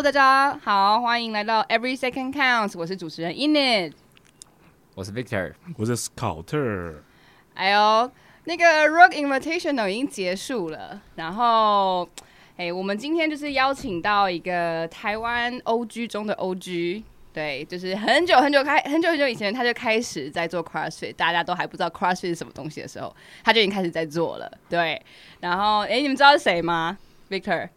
大家好，歡迎來到 Every Second Counts。我是主持人 Inid，我是 Victor，我是 Scotter。哎呦，那個 Rogue Invitational 已經結束了。然後，哎，我們今天就是邀請到一個台灣 OG 中的 OG。對，就是很久很久開，很久很久以前，他就開始在做 CrossFit，大家都還不知道 CrossFit 是什麼東西的時候，他就已經開始在做了。對，然後，哎，你們知道是誰嗎？Victor，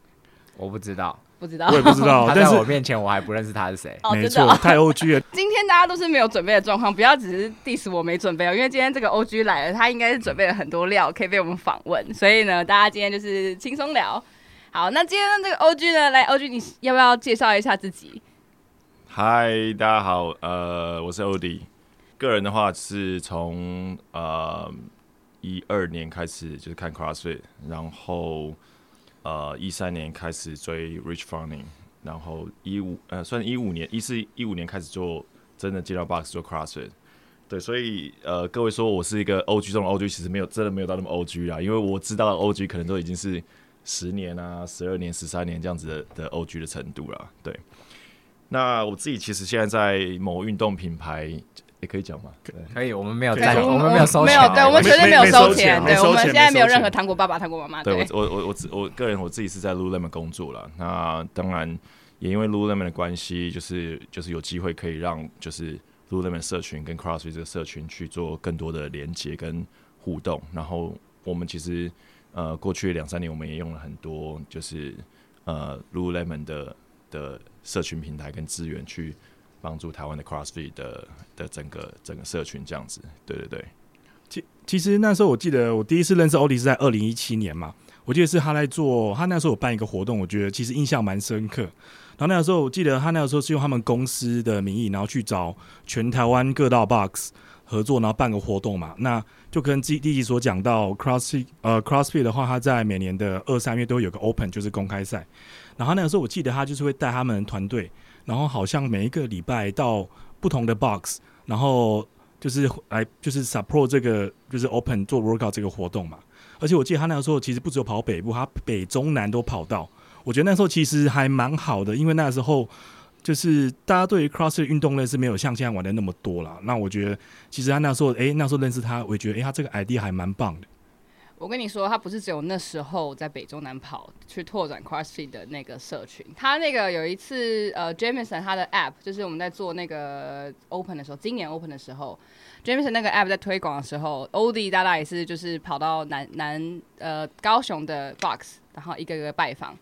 我不知道。不知道，我也不知道、哦。 他在我面前，我還不認識他是誰、哦。沒錯，哦哦、太 O G 了。 今天大家都是沒有準備的狀況，不要只是 diss 我沒準備哦。因為今天這個 O G 來了，他應該是準備了很多料，可以被我們訪問。所以呢，大家今天就是輕鬆聊。好，那今天這個 O G 呢，來 O G，你要不要介紹一下自己？嗨，大家好，呃，我是 Ody。個人的話是從呃一二年開始就是看 CrossFit，然後。呃，一三年開始追 Rich Froning，然後一五呃算一五年一四一五年開始做真的 g 到 r Box 做 CrossFit 對，所以呃各位說我是一個 O G 中 O G，其實沒有真的沒有到那麼 O G 啦，因為我知道 O G 可能都已經是十年啊、十二年、十三年這樣子的的 O G 的程度啦，對。那我自己其實現在在某運動品牌。也、欸、可以講嗎？可以對？可以，我們沒有在，我們沒有收錢，對我們絕對沒有收錢，對，錢對，我們現在沒有任何糖果爸爸、糖果媽媽。對，對我，我我我，我我個人我自己是在 Lululemon 工作了，那當然也因為 Lululemon 的關係，就是，就是就是有機會可以讓就是 Lululemon 社群跟 CrossFit 這個社群去做更多的連接跟互動。然後我們其實呃，過去兩三年，我們也用了很多就是呃 Lululemon 的的社群平台跟資源去。幫助台灣的 CrossFit 的的整個整個社群這樣子，對對對。其其實那時候我記得我第一次認識 Ody 是在二零一七年嘛，我記得是他來做，他那時候有辦一個活動，我覺得其實印象蠻深刻。然後那個時候我記得他那個時候是用他們公司的名義，然後去找全台灣各大 Box 合作，然後辦個活動嘛。那就跟第 D 所講到 CrossFit 呃 CrossFit 的話，他在每年的二三月都有個 Open，就是公開賽。然後那個時候我記得他就是會帶他們團隊。然後好像每一個禮拜到不同的 box，然後就是來就是 support 這個就是 open 做 workout 這個活動嘛。而且我記得他那個時候其實不只有跑北部，他北中南都跑到。我覺得那時候其實還蠻好的，因為那時候就是大家對於 cross 的運動類是沒有像現在玩的那麼多了。那我覺得其實他那時候，誒，那時候認識他，我也覺得誒，他這個 idea 還蠻棒的。我跟你說，他不是只有那時候在北中南跑去拓展 CrossFit 的那個社群。他那個有一次，呃，Jamison 他的 App，就是我們在做那個 Open 的時候，今年 Open 的時候，Jamison 那個 App 在推廣的時候，Ody 大大也是就是跑到南南呃高雄的 Box，然後一個一個一個拜訪。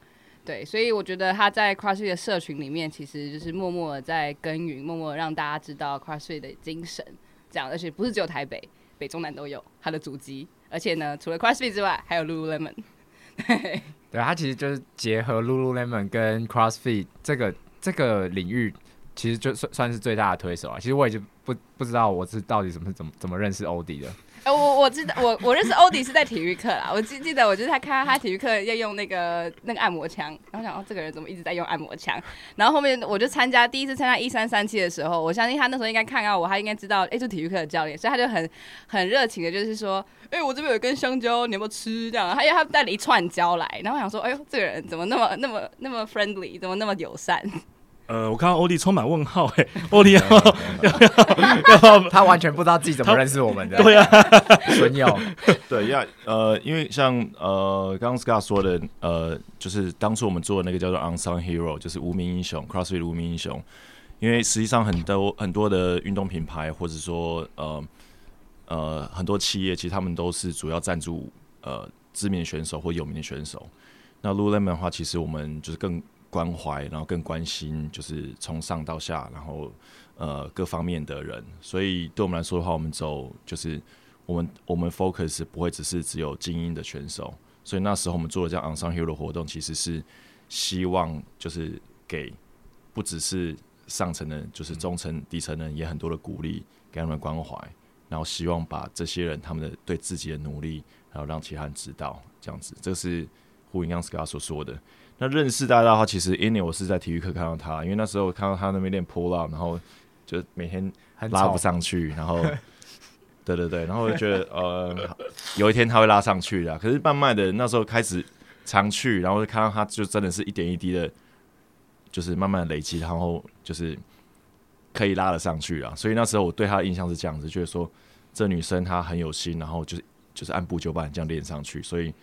對，所以我覺得他在 CrossFit 的社群裡面，其實就是默默的在耕耘，默默的讓大家知道 CrossFit 的精神。這樣，而且不是只有台北，北中南都有他的足迹。而且呢，除了 CrossFit 之外，還有 Lululemon 對。對，它其實就是結合 Lululemon 跟 CrossFit 這個這個領域，其實就算算是最大的推手啊！其實我已經不不知道我是到底怎麼怎麼怎麼認識 Ody 的。我我知道，我我，我認識 Ody 是在體育課啦。我記記得，我覺得他看到他體育課要用那個那個按摩槍，然後我想哦，這個人怎麼一直在用按摩槍？然後後面我就參加第一次參加一三三七的時候，我相信他那時候應該看到我，他應該知道誒，是、欸、體育課的教練，所以他就很很熱情的，就是說，哎、欸，我這邊有根香蕉，你有沒有吃？這樣，他因為他帶了一串蕉來，然後我想說，哎、欸、呦，這個人怎麼那麼那麼那麼 friendly，怎麼那麼友善？呃，我看到 Ody 充滿問號、欸，哎，Ody，他完全不知道自己怎麼認識我們的、啊 尊要笑，對呀，損友，對呀，呃，因為像呃，剛剛 Scott 說的，呃，就是當初我們做的那個叫做 Unsung Hero，就是無名英雄，CrossFit 無名英雄，因為實際上很多很多的運動品牌或者說呃呃很多企業，其實他們都是主要贊助呃知名選手或有名的選手，那 Lululemon 的話，其實我們就是更。關懷，然後更關心，就是從上到下，然後呃各方面的人。所以對我們來說的話，我們走就是我們我們 focus 不會只是只有精英的選手。所以那時候我們做的這樣 unsung hero 的活動，其實是希望就是給不只是上層人，就是中層、底層人也很多的鼓勵，給他們關懷，然後希望把這些人他們的對自己的努力，然後讓其他人知道。這樣子，這是胡英剛斯給他所說的。那認識大家的話，其實因為我是在體育課看到她，因為那時候我看到她那邊練 pull up，然後就每天拉不上去，然後對對對，然後我就覺得呃、 嗯，有一天她會拉上去的。可是慢慢的人那時候開始常去，然後就看到她就真的是一點一滴的，就是慢慢的累積，然後就是可以拉得上去了。所以那時候我對她的印象是這樣子，就是說，這女生她很有心，然後就是就是按部就班這樣練上去，所以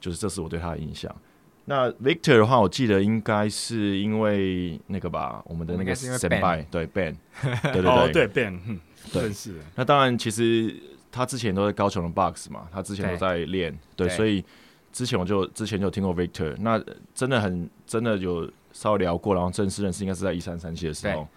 就是這是我對她的印象。那 Victor 的話，我記得應該是因為那個吧，我們的那個 senpai，對 ban， 對對對，oh, 對 ban，認識。那當然，其實他之前都在高雄的 box 嘛，他之前都在練，對，所以之前我就之前就有聽過 Victor，那真的很真的有稍微聊過，然後正式認識應該是在一三三七的時候，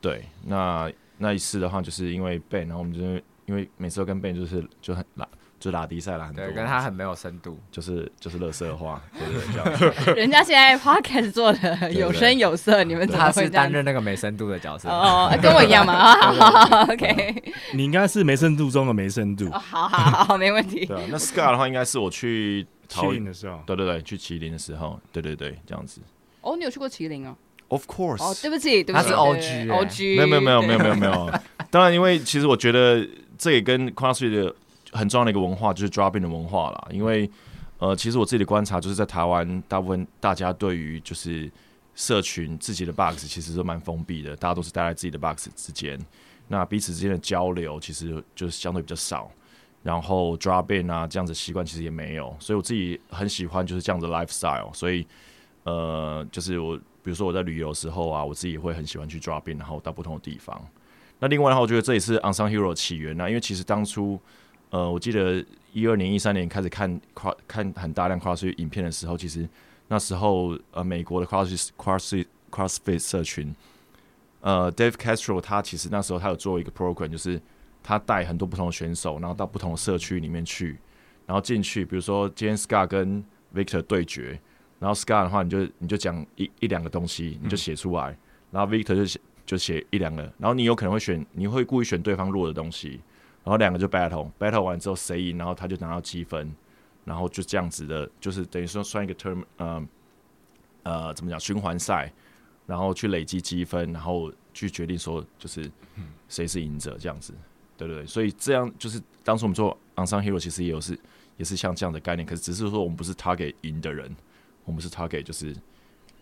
對。對那那一次的話，就是因為 ban，然後我們就因為每次都跟 ban 就是就很拉，就打迪賽了很我跟他很沒有深度，就是就是樂色話，就是 對對對 這樣。人家現在 podcast 做的有聲有色，對對對，你們怎麼會擔任那個沒深度的角色哦，對對對 跟我一樣嘛啊，好好好對對對，OK。你應該是沒深度中的沒深度，oh, 好，好，好，沒問題。 對、啊、那 Scott 的話應該是我去，去，對對對去麒麟的時候， 對對對，去麒麟的時候，對對對，這樣子。哦，你有去過麒麟哦 of course。哦，對不起，對不起，他是 OG，OG，、欸 OG 欸、OG 沒有沒有沒有沒有沒有，沒有，沒有 當然，因為其實我覺得這也跟 Crossy 的。很重要的一個文化就是 drop in 的文化啦。因為，呃，其實我自己的觀察就是在台灣，大部分大家對於就是社群自己的 box 其實都蠻封閉的，大家都是待在自己的 box 之間，那彼此之間的交流其實就是相對比較少，然後 drop in 啊這樣子習慣其實也沒有，所以我自己很喜歡就是這樣的 lifestyle，所以，呃，就是我比如說我在旅遊的時候啊，我自己也會很喜歡去 drop in，然後到不同的地方。那另外的話，我覺得這也是 unsung hero 的起源啊，因為其實當初。呃，我記得一二年、一三年開始看跨看很大量 CrossFit 影片的時候，其實那時候呃，美國的 CrossFit CrossFit CrossFit 社群，呃，Dave Castro 他其實那時候他有做一個 program，就是他帶很多不同的選手，然後到不同的社區裡面去，然後進去、嗯，比如說今天 Scar 跟 Victor 對決，然後 Scar 的話你，你就你就講一一兩個東西，你就寫出來、嗯，然後 Victor 就寫就寫一兩個，然後你有可能會選，你會故意選對方弱的東西。然後兩個就 battle，battle battle 完之後誰贏，然後他就拿到積分，然後就這樣子的，就是等於說算一個 term，嗯、呃，呃，怎麼講循環賽，然後去累積積分，然後去決定說就是誰是贏者這樣子，對對對。所以這樣就是當時我們做 Unsung Hero 其實也有是也是像這樣的概念，可是只是說我們不是 target 贏的人，我們是 target 就是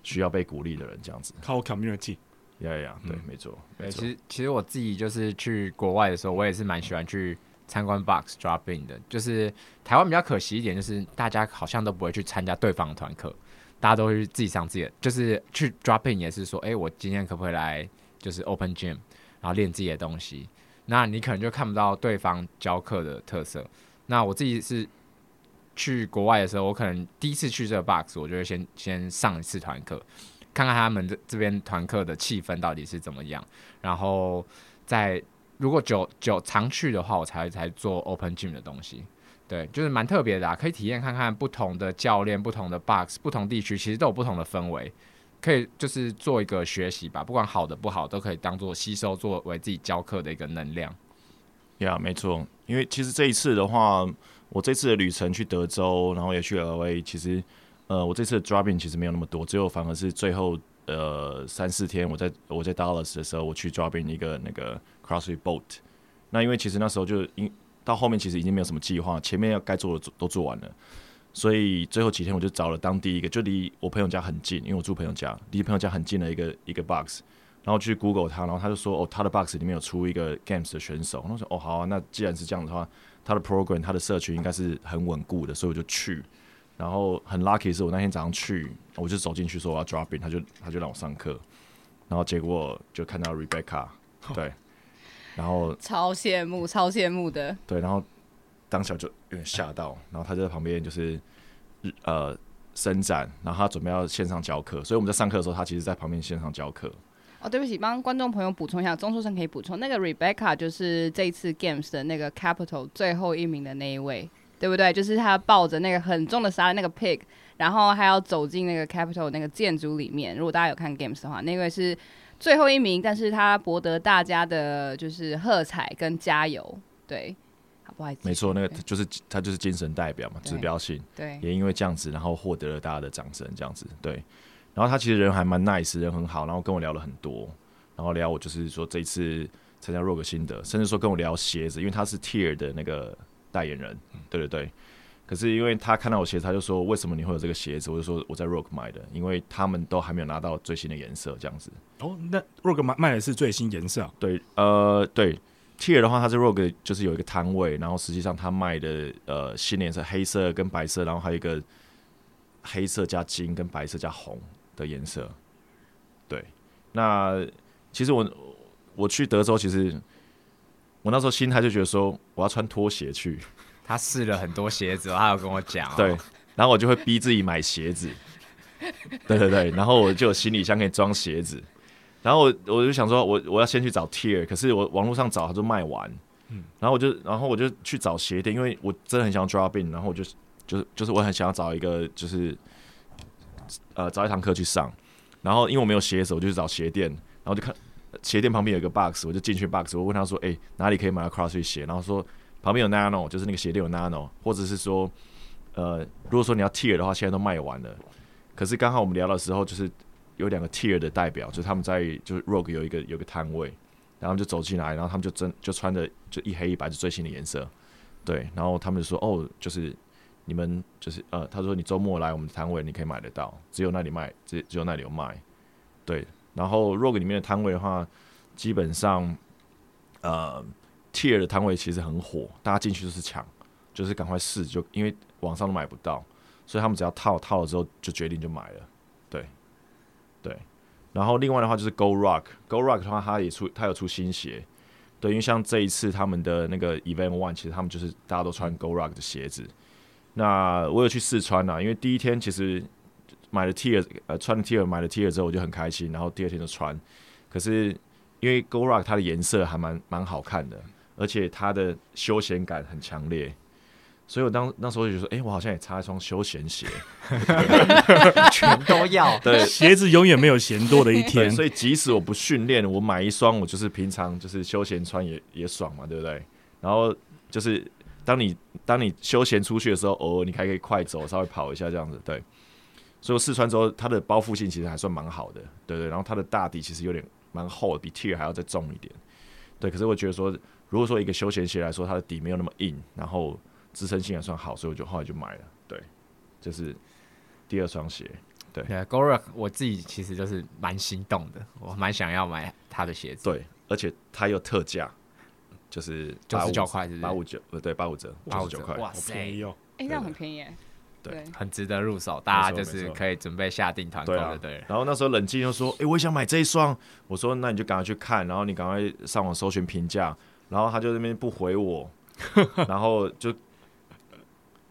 需要被鼓勵的人這樣子，靠 community。Yeah, yeah, 嗯、對，沒錯。其實，其實我自己就是去國外的時候，我也是蠻喜歡去參觀 box drop-in 的，嗯。就是台灣比較可惜一點，就是大家好像都不會去參加對方的團課，大家都會去自己上自己的。就是去 drop-in 也是說，哎、欸，我今天可不可以來？就是 open gym，然後練自己的東西。那你可能就看不到對方教課的特色。那我自己是去國外的時候，我可能第一次去這個 box，我就會先先上一次團課。看看他們這這邊團課的氣氛到底是怎麼樣，然後再如果久久常去的話，我才才做 open gym 的東西，對，就是蠻特別的啊，可以體驗看看不同的教練、不同的 box、不同地區，其實都有不同的氛圍，可以就是做一個學習吧，不管好的不好，都可以當做吸收，作為自己教課的一個能量。呀、yeah，沒錯，因為其實這一次的話，我這次的旅程去德州，然後也去 LA，其實。呃，我這次的 drop-in 其實沒有那麼多，只有反而是最後呃，三四天，我在我在 Dallas 的時候，我去 drop-in 一個那個 CrossFit box。那因為其實那時候就因到後面其實已經沒有什麼計劃，前面要該做的都做完了，所以最後幾天我就找了當地一個就離我朋友家很近，因為我住朋友家，離朋友家很近的一個一個 box，然後去 Google 他，然後他就說哦，他的 box 裡面有出一個 games 的選手，然後我說哦好啊，那既然是這樣的話，他的 program 他的社群應該是很穩固的，所以我就去。然後很 lucky 是我那天早上去，我就走進去說我要 drop in，他就他就讓我上課，然後結果就看到 Rebecca 對，哦、然後超羨慕超羨慕的對，然後當下就有點嚇到，然後他就在旁邊就是呃伸展，然後他準備要線上教課，所以我們在上課的時候他其實在旁邊線上教課。哦，對不起，幫觀眾朋友補充一下，鍾書生可以補充，那個 Rebecca 就是這一次 Games 的那個 Capital 最後一名的那一位。對不對？就是他抱着那個很重的殺的那個 pig，然後還要走進那個 capital 那個建築裡面。如果大家有看 games 的話，那個是最後一名，但是他博得大家的就是喝彩跟加油。對，不好意思。沒錯，那個就是他就是精神代表嘛，指標性對。對，也因為這樣子，然後獲得了大家的掌聲，這樣子。對，然後他其實人還蠻 nice，人很好，然後跟我聊了很多，然後聊我就是說這一次參加 Rogue 心得，甚至說跟我聊鞋子，因為他是 TYR 的那個。代言人，對對對，可是因為他看到我鞋子，他就說，為什麼你會有這個鞋子？我就說我在 Rogue 買的，因為他們都還沒有拿到最新的顏色，這樣子。哦，那 Rogue 賣賣的是最新顏色？對，呃，對，TYR 的話，他是 Rogue 就是有一個攤位，然後實際上他賣的呃新顏色，黑色跟白色，然後還有一個黑色加金跟白色加紅的顏色。對，那其實我我去德州，其實。我那時候心態就覺得說，我要穿拖鞋去。他試了很多鞋子， 他有跟我講哦。對，然後我就會逼自己買鞋子。 對對對，然後我就有行李箱可以裝鞋子。然後我我就想說，我我要先去找 TYR 可是我網絡上找他就賣完。嗯。然後我就，然後我就去找鞋店，因為我真的很想 drop in 然後我就就是就是我很想要找一個就是呃找一堂課去上，然後因為我沒有鞋子，我就去找鞋店，然後就看。鞋店旁邊有一個 box，我就進去 box，我問他說：“誒、欸，哪裡可以買到 CrossFit 鞋？”然後說：“旁邊有 Nano，就是那個鞋店有 Nano，或者是說，呃，如果說你要 TYR 的話，現在都賣完了。可是剛好我們聊，聊的時候，就是有兩個 TYR 的代表，就是他們在就是 Rogue 有一個有一個攤位，然後他們就走進來，然後他們就真就穿着就一黑一白，就最新的顏色。對，然後他們就說：‘哦，就是你們就是呃，他說你周末來我們攤位，你可以買得到，只有那裡賣，只只有那裡有賣。’對。”然後 Rogue 裡面的攤位的話，基本上，呃 TYR 的攤位其實很火，大家進去就是搶，就是趕快試，就因為網上都買不到，所以他們只要套套了之後就決定就買了，對，對。然後另外的話就是 Goruck，Goruck 的話他也出，它有出新鞋，對，因為像這一次他們的那個 Event One，其實他們就是大家都穿 Goruck 的鞋子。那我有去試穿啦、啊，因為第一天其實。買了 T 恤，呃，穿了 T 恤，買了 T 恤之後我就很開心，然後第二天就穿。可是因為 Goruck 它的顏色還蠻蠻好看的，而且它的休閒感很強烈，所以我當那時候我就說，哎、欸，我好像也差一雙休閒鞋， 全都要。對， 鞋子永遠沒有嫌多的一天， 所以即使我不訓練，我買一雙，我就是平常就是休閒穿也也爽嘛，對不對？然後就是當你當你休閒出去的時候，偶爾你還可以快走，稍微跑一下這樣子，對。所以我試穿之後，它的包覆性其實還算蠻好的，對，對對。然後它的大底其實有點蠻厚的，比 TYR 還要再重一點，對。可是我覺得說，如果說一個休閒鞋來說，它的底沒有那麼硬，然後支撐性還算好，所以我就後來就買了，對，就是第二雙鞋，對。Goruck 我自己其實就是蠻心動的，我蠻想要買他的鞋子。對，而且他又特價，就是八五九塊，八五九，呃，對，八五折，八五九塊，哇塞，哎、好便宜哦，那、欸、很便宜。對，很值得入手，大家就是可以準備下訂團購對、啊、對，對，然後那時候冷靜又說：“哎，我想買這一雙。”我說：“那你就趕快去看，然後你趕快上網搜尋評價。”然後他就那邊不回我， 然後就，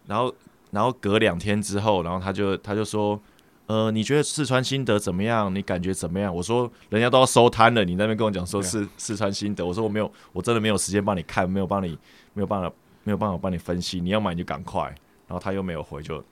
然後，然後隔兩天之後，然後他就他就說：“呃，你覺得試穿心得怎麼樣？你感覺怎麼樣？”我說：“人家都要收攤了，你在那邊跟我講說是、啊、試穿心得。”我說：“我沒有，我真的沒有時間幫你看，沒有幫你，沒有辦法，沒有辦法幫你分析。你要買，你就趕快。”然後他又沒有回，就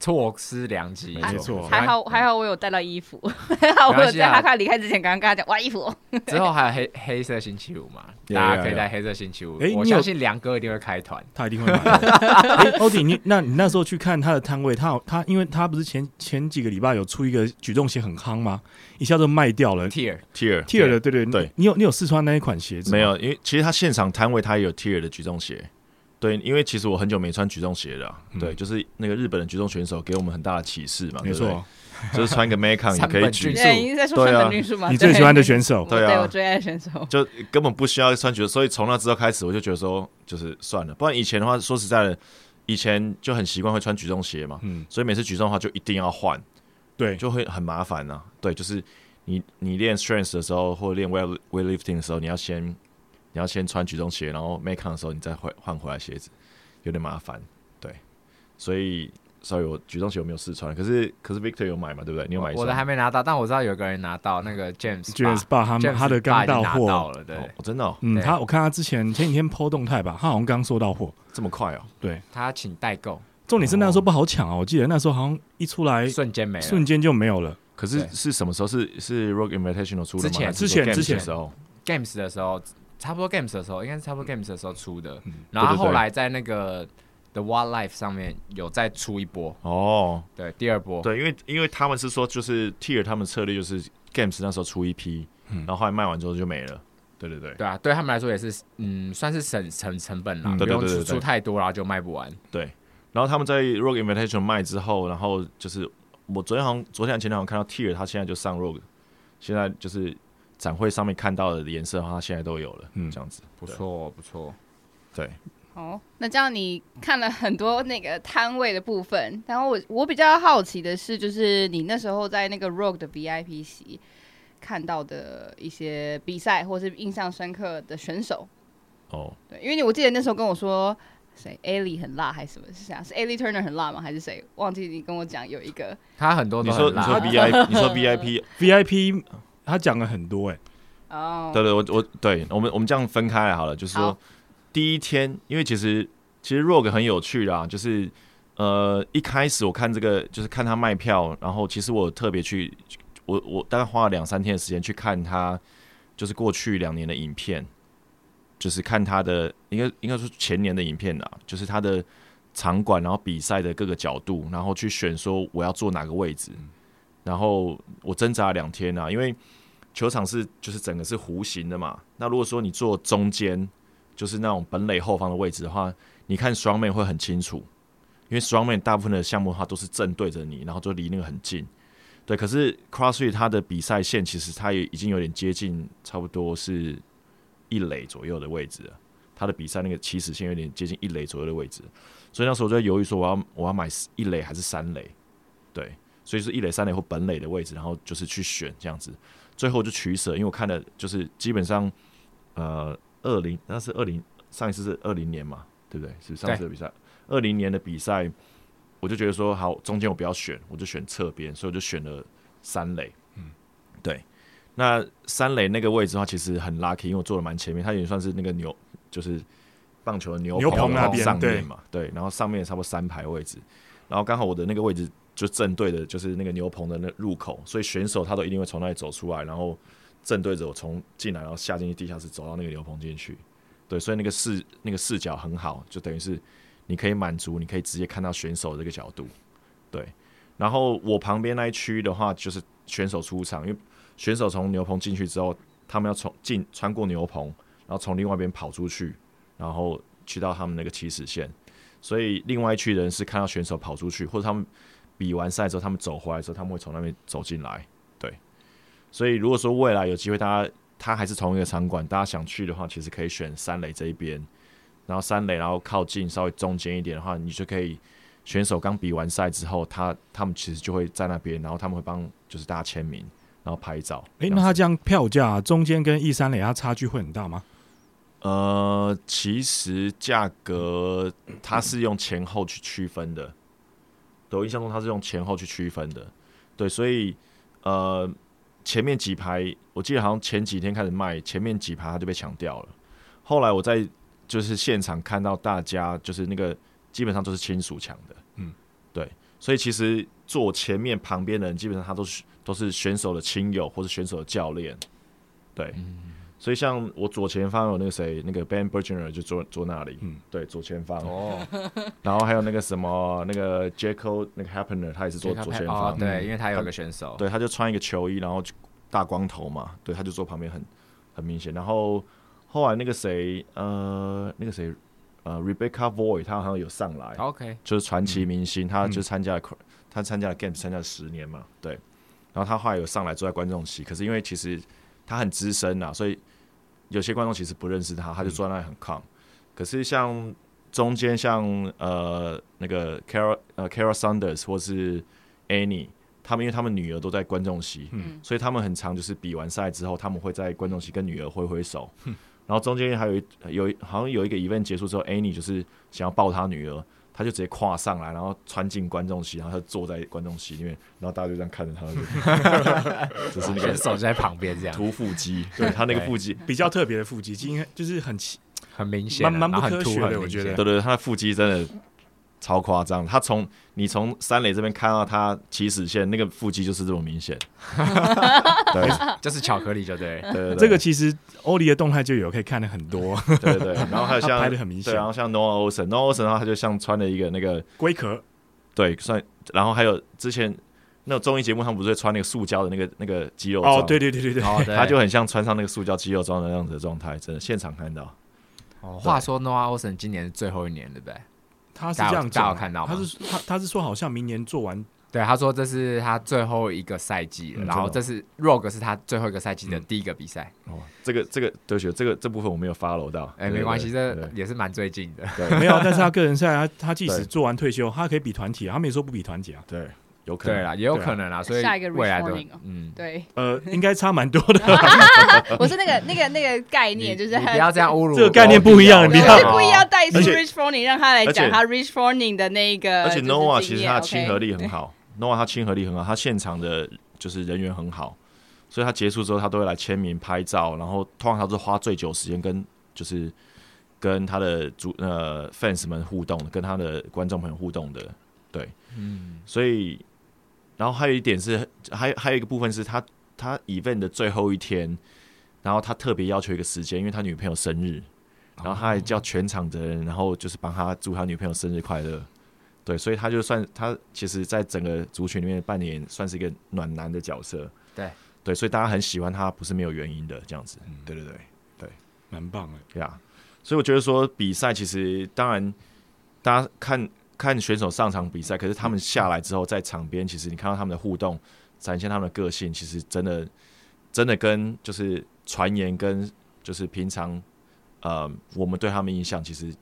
錯失良機。沒錯還，還好還好，我有帶到衣服，嗯、還好我有在他快離開之前，剛剛跟他講、啊、哇衣服、哦。之後還有黑黑色星期五嘛， 大家可以在黑色星期五。哎、yeah, yeah,，yeah. 我相信梁哥一定會開團，欸、他一定會買。 欸、Ody，你那你那時候去看他的攤位，他有他因為他不是前前幾個禮拜有出一個舉重鞋很夯嗎？一下子賣掉了。TYR，TYR，TYR 的對對對，你,你有你有試穿那一款鞋子沒有？因為其實他現場攤位他也有 TYR 的舉重鞋。對，因為其實我很久沒穿舉重鞋了、啊嗯。對，就是那個日本的舉重選手給我們很大的啟示嘛。嗯、對對沒錯、啊、 就是穿個 Macan 也可以舉重。對啊對，你最喜歡的選手，對啊，我，對我最愛選手，就根本不需要穿舉重。所以從那之後開始，我就覺得說，就是算了。不然以前的話，說實在的，以前就很習慣會穿舉重鞋嘛。嗯，所以每次舉重的話就一定要換，對，就會很麻煩呢、啊。對，就是你你練 strength 的時候，或練 weightlifting 的時候，你要先。你要先穿舉重鞋，然後 metcon 的時候你再換換回來鞋子，有點麻煩，對。所以，所以我舉重鞋有沒有試穿，可是可是 Victor 有買嘛？對不對？你有買？我的還沒拿到，但我知道有個人拿到那個 James James，把他們他的剛到貨了，對，真的。嗯，他我看他之前前幾天 po 動態吧，他好像剛收到貨，這麼快哦、喔？對，他請代購。重點是那時候不好搶啊、喔！我記得那時候好像一出來，瞬間沒了，瞬間就沒有了。可是是什麼時候？是是 Rogue Invitational 出的嗎？之前之前、Games、之前，之前的時候 Games 的時候。差不多 games 的時候，應該是差不多 games 的時候出的，嗯、然後後來在那個 the wildlife 上面有再出一波哦，對，第二波，對，因為因為他們是說就是 TYR 他們策略就是 games 那時候出一批，嗯，然後後來賣完之後就沒了，對對對，對啊，對他們來說也是嗯，算是省，省成，成本啦，嗯、不用出出太多了就賣不完，對，對，對，對，對，對，然後他們在 Rogue Invitational 賣之後，然後就是我昨天好像昨天前天好像看到 TYR 他現在就上 rogue，現在就是。展會上面看到的顏色的話，現在都有了，嗯，這樣子，不錯，不錯，對。哦、oh,，那這樣你看了很多那個攤位的部分，然後我我比較好奇的是，就是你那時候在那個 Rogue 的 VIP 席看到的一些比賽，或是印象深刻的選手。哦、oh.，對，因為你我記得那時候跟我說，誰 Ali 很辣還是什麼是誰啊？是 Ali Turner 很辣嗎？還是誰？忘記你跟我講有一個，他很多很你說你說 VIP 你說 VIP VIP。他講了很多哎、欸，哦、oh.，對對，我我對我們我們這樣分開來好了，就是說、oh. 第一天，因為其實其實 Rogue 很有趣的啊，就是呃一開始我看這個就是看他賣票，然後其實我特別去我我大概花了兩三天的時間去看他，就是過去兩年的影片，就是看他的應該應該是前年的影片啦，就是他的場館然後比賽的各個角度，然後去選說我要坐哪個位置。嗯然後我掙扎了兩天啊，因為球場是就是整個是弧形的嘛。那如果說你坐中間，就是那種本壘後方的位置的話，你看 strongman 會很清楚，因為 strongman 大部分的項目的話都是正對着你，然後就離那個很近。對，可是 crossfit 他的比賽線其實他也已經有點接近，差不多是一壘左右的位置。他的比賽那個起始線有點接近一壘左右的位置，所以那時候我就在猶豫說我要我要買一壘還是三壘？對。所以是一壘、三壘或本壘的位置，然後就是去選這樣子，最後就取舍。因為我看了，就是基本上，呃，二零那是二零上一次是二零年嘛，對不對？是上次的比賽，二零年的比賽，我就覺得說好，中間我不要選，我就選側邊，所以我就選了三壘。嗯，對。那三壘那個位置的話，其實很 lucky，因為我坐的蠻前面，它也算是那個牛，就是棒球的牛棚那邊上面嘛，對對，對，然後上面差不多三排位置，然後剛好我的那個位置。就正對着就是那個牛棚的那入口，所以選手他都一定會從那裡走出來，然後正對着我從進來，然後下進去地下室走到那個牛棚進去。對，所以那個視那個視角很好，就等於是你可以滿足，你可以直接看到選手的這個角度。對，然後我旁邊那一區的話，就是選手出場，因為選手從牛棚進去之後，他們要從進穿過牛棚，然後從另外一邊跑出去，然後去到他們那個起始線。所以另外一區的人是看到選手跑出去，或者他們。比完賽之後，他們走回來的時候，他們會從那邊走進來。對，所以如果說未來有機會大，大家他還是同一個場館，大家想去的話，其實可以選三壘這一邊，然後三壘，然後靠近稍微中間一點的話，你就可以選手剛比完賽之後，他他們其實就會在那邊，然後他們會幫就是大家簽名，然後拍照。誒、欸，那他這樣票價中間跟一三壘，它差距會很大嗎？呃，其實價格它是用前後去區分的。我印象中他是用前後去區分的，對，所以，呃，前面幾排我記得好像前幾天開始賣，前面幾排他就被搶掉了。後來我在就是現場看到大家就是那個基本上都是親屬搶的，嗯，對，所以其實坐前面旁邊的人基本上他都是都是選手的親友或者選手的教練，對。嗯所以，像我左前方有那個誰，那個 Ben Bergeron 就坐坐那裡，嗯，對，左前方。哦，然後還有那個什麼，那個 Jacob 那個 Heppner，他也是坐左前方，對，哦嗯，因為他有個選手他，對，他就穿一個球衣，然後就大光頭嘛，對，他就坐旁邊很很明顯。然後後來那個誰，呃，那個誰，呃，Rebecca Voigt，他好像有上來，哦，OK，就是傳奇明星，嗯，他就參加了，嗯，他參加了 Games 參加了十年嘛，對。然後他後來有上來坐在觀眾席，可是因為其實他很資深吶，所以。有些觀眾其實不認識他，他就坐在那很 calm、嗯、可是像中間像呃那個 Kara 呃 Kara Saunders 或是 Annie，他們因為他們女兒都在觀眾席，嗯、所以他們很常就是比完賽之後，他們會在觀眾席跟女兒揮揮手。嗯、然後中間還有一有好像有一個 event 結束之後、嗯、，Annie 就是想要抱她女兒。他就直接跨上來，然後穿進觀眾席，然後他就坐在觀眾席裡面，然後大家就這樣看着他， 就是人手在旁邊這樣。塗腹肌，對，他那個腹肌比較特別的腹肌，今天就是很很明顯、啊，蠻蠻不科學的很很，我覺得。對對，他的腹肌真的。超誇張！他從你從三壘這邊看到他起始線，那個腹肌就是這麼明顯。 對，就是巧克力，就對。對，對，對，這個其實 Ody 的動態就有可以看得很多。 對對對，然後還有像很明顯，然後像 Noah Olsen，Noah Olsen 的話，他就像穿了一個那個龜殼。對，算。然後還有之前那綜藝節目他們不是會穿那個塑膠的那個那個肌肉？哦、oh,，對對對對對，他就很像穿上那個塑膠肌肉裝的樣子的狀態，真的現場看到。哦、oh,，話說 Noah Olsen 今年是最後一年，對不對？他是這樣講，大家有看到。他是他他是說好像明年做完 對，對他說這是他最後一個賽季了、嗯，然後這是 Rogue 是他最後一個賽季的第一個比賽、嗯。哦，這個這個對不起，這個、這個、這部分我沒有 follow 到，哎、欸，沒關係，這也是蠻最近的對對對，對，沒有。但是他個人賽，他他即使做完退休，他可以比團體，他沒說不比團體啊，對。有可，對有可能啊，也有可能啊。所以未來的，嗯，對，呃，應該差蠻多的啊。 我是那個那個那個概念，就是不要這樣侮辱。這個概念不一樣，哦，你不要不要帶 Rich Forning 讓他來講他 Rich Forning 的那個。而且、且、就是，且 Nova 其實他親和力很好，Nova 他親和力很好，他現場的就是人緣很好，所以他結束之後他都會來簽名拍照，然後通常他是花最久時間跟就是跟他的主呃、嗯那個、fans 們互動，跟他的觀眾朋友互動的。對，嗯，所以。然後還有一點是，還還有一個部分是他，他 event 的最後一天，然後他特別要求一個時間，因為他女朋友生日，然後他還叫全場的人，oh, okay. 然後就是幫他祝他女朋友生日快樂，對，所以他就算他其實在整個族群裡面的扮演算是一個暖男的角色，對，對，所以大家很喜歡他不是沒有原因的這樣子、嗯，對對對，對，蠻棒的對、yeah, 所以我覺得說比賽其實當然大家看。看選手上場比賽，可是他們下來之後在場邊，其實你看到他們的互動，展現他們的個性，其實真的真的跟就是傳言跟就是平常呃我們對他們印象，其實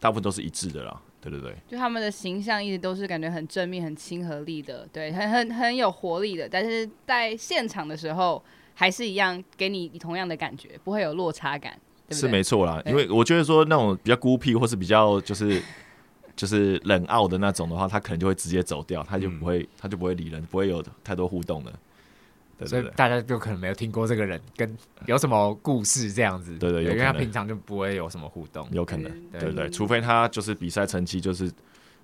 大部分都是一致的啦，對對對。就他們的形象一直都是感覺很正面、很親和力的，對，很很很有活力的，但是在現場的時候還是一樣給你同樣的感覺，不會有落差感，對對，是沒錯啦。因為我覺得說那種比較孤僻或是比較就是。 就是冷傲的那種的話，他可能就會直接走掉，他就不會，嗯、他就不會理人，不會有太多互動的。所以大家就可能沒有聽過這個人跟有什麼故事這樣子。嗯、對對，對，對，因為他平常就不會有什麼互動，有可能。對對，對、嗯，除非他就是比賽成績就是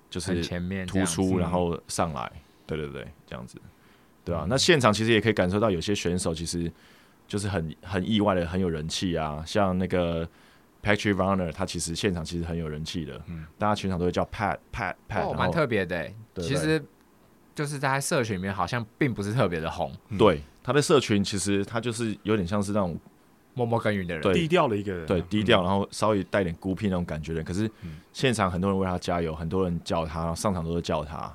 就是前面突出，然後上來。對對對，這樣子。對啊、嗯，那現場其實也可以感受到，有些選手其實就是很很意外的，很有人氣啊，像那個。Patrick Vellner 他其實現場其實很有人氣的，嗯，大家全場都會叫 Pat Pat Pat，蠻、哦、特別的、欸。對，對，對，其實就是在社群裡面好像並不是特別的紅、嗯，對，他的社群其實他就是有點像是那種默默耕耘的人，低調的一個人，對，啊、對低調、嗯，然後稍微帶點孤僻那種感覺的。可是現場很多人為他加油，很多人叫他上場都是叫他。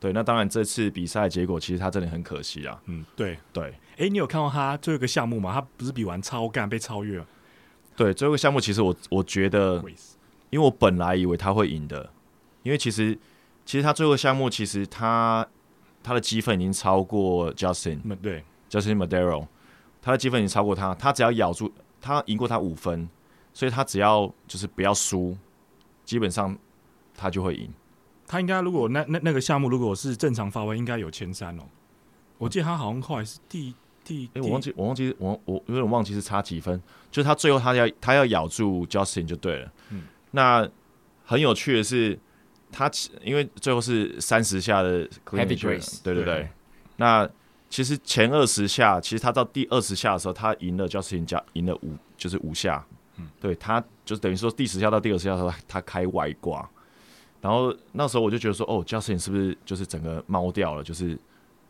對，那當然這次比賽結果其實他真的很可惜啊。嗯，對對，哎、欸，你有看到他最後一個項目嗎？他不是比完超幹被超越了？對，最後項目其實我我覺得，因為我本來以為他會贏的，因為其實其實他最後項目其實他他的積分已經超過 Justin，對，Justin m a d e r o 他的積分已經超過他，他只要咬住他贏過他五分，所以他只要就是不要輸，基本上他就會贏。他應該如果那那那個項目如果是正常發揮，應該有前三哦。我記得他好像後來是第。哎、欸，我忘記，我忘記，我我有點忘記是差幾分，就是他最後他要他要咬住 Justin 就對了、嗯。那很有趣的是，他因為最後是三十下的 clean grace，對對對，對。那其實前二十下，其實他到第二十下的時候，他贏了 Justin 加贏了五就是五下。嗯、對，他就等於說第十下到第二十下的時候，他開外掛。然後那時候我就覺得說，哦，Justin 是不是就是整個貓掉了，就是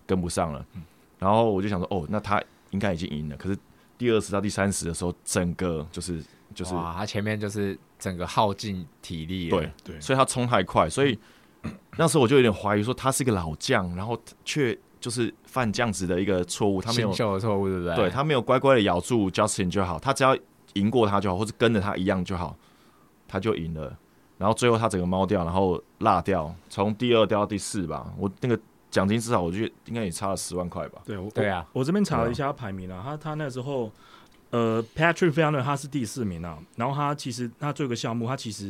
跟不上了。嗯然後我就想說，哦，那他應該已經贏了。可是第二十到第三十的時候，整個就是就是，他前面就是整個耗盡體力，對對，所以他衝太快，所以、嗯、那時候我就有點懷疑說，他是一個老將，然後卻就是犯這樣子的一個錯誤，他沒有，新秀的錯誤，對不對？對他沒有乖乖的咬住 Justin 就好，他只要贏過他就好，或者跟着他一樣就好，他就贏了。然後最後他整個貓掉，然後落掉，從第二掉到第四吧，我那個。獎金至少我覺得應該也差了十萬塊吧。對，我，對啊，我,我這邊查了一下排名啊，他他那個時候，呃，Patrick Vellner，他是第四名啊，然後他其實他做一個項目，他其實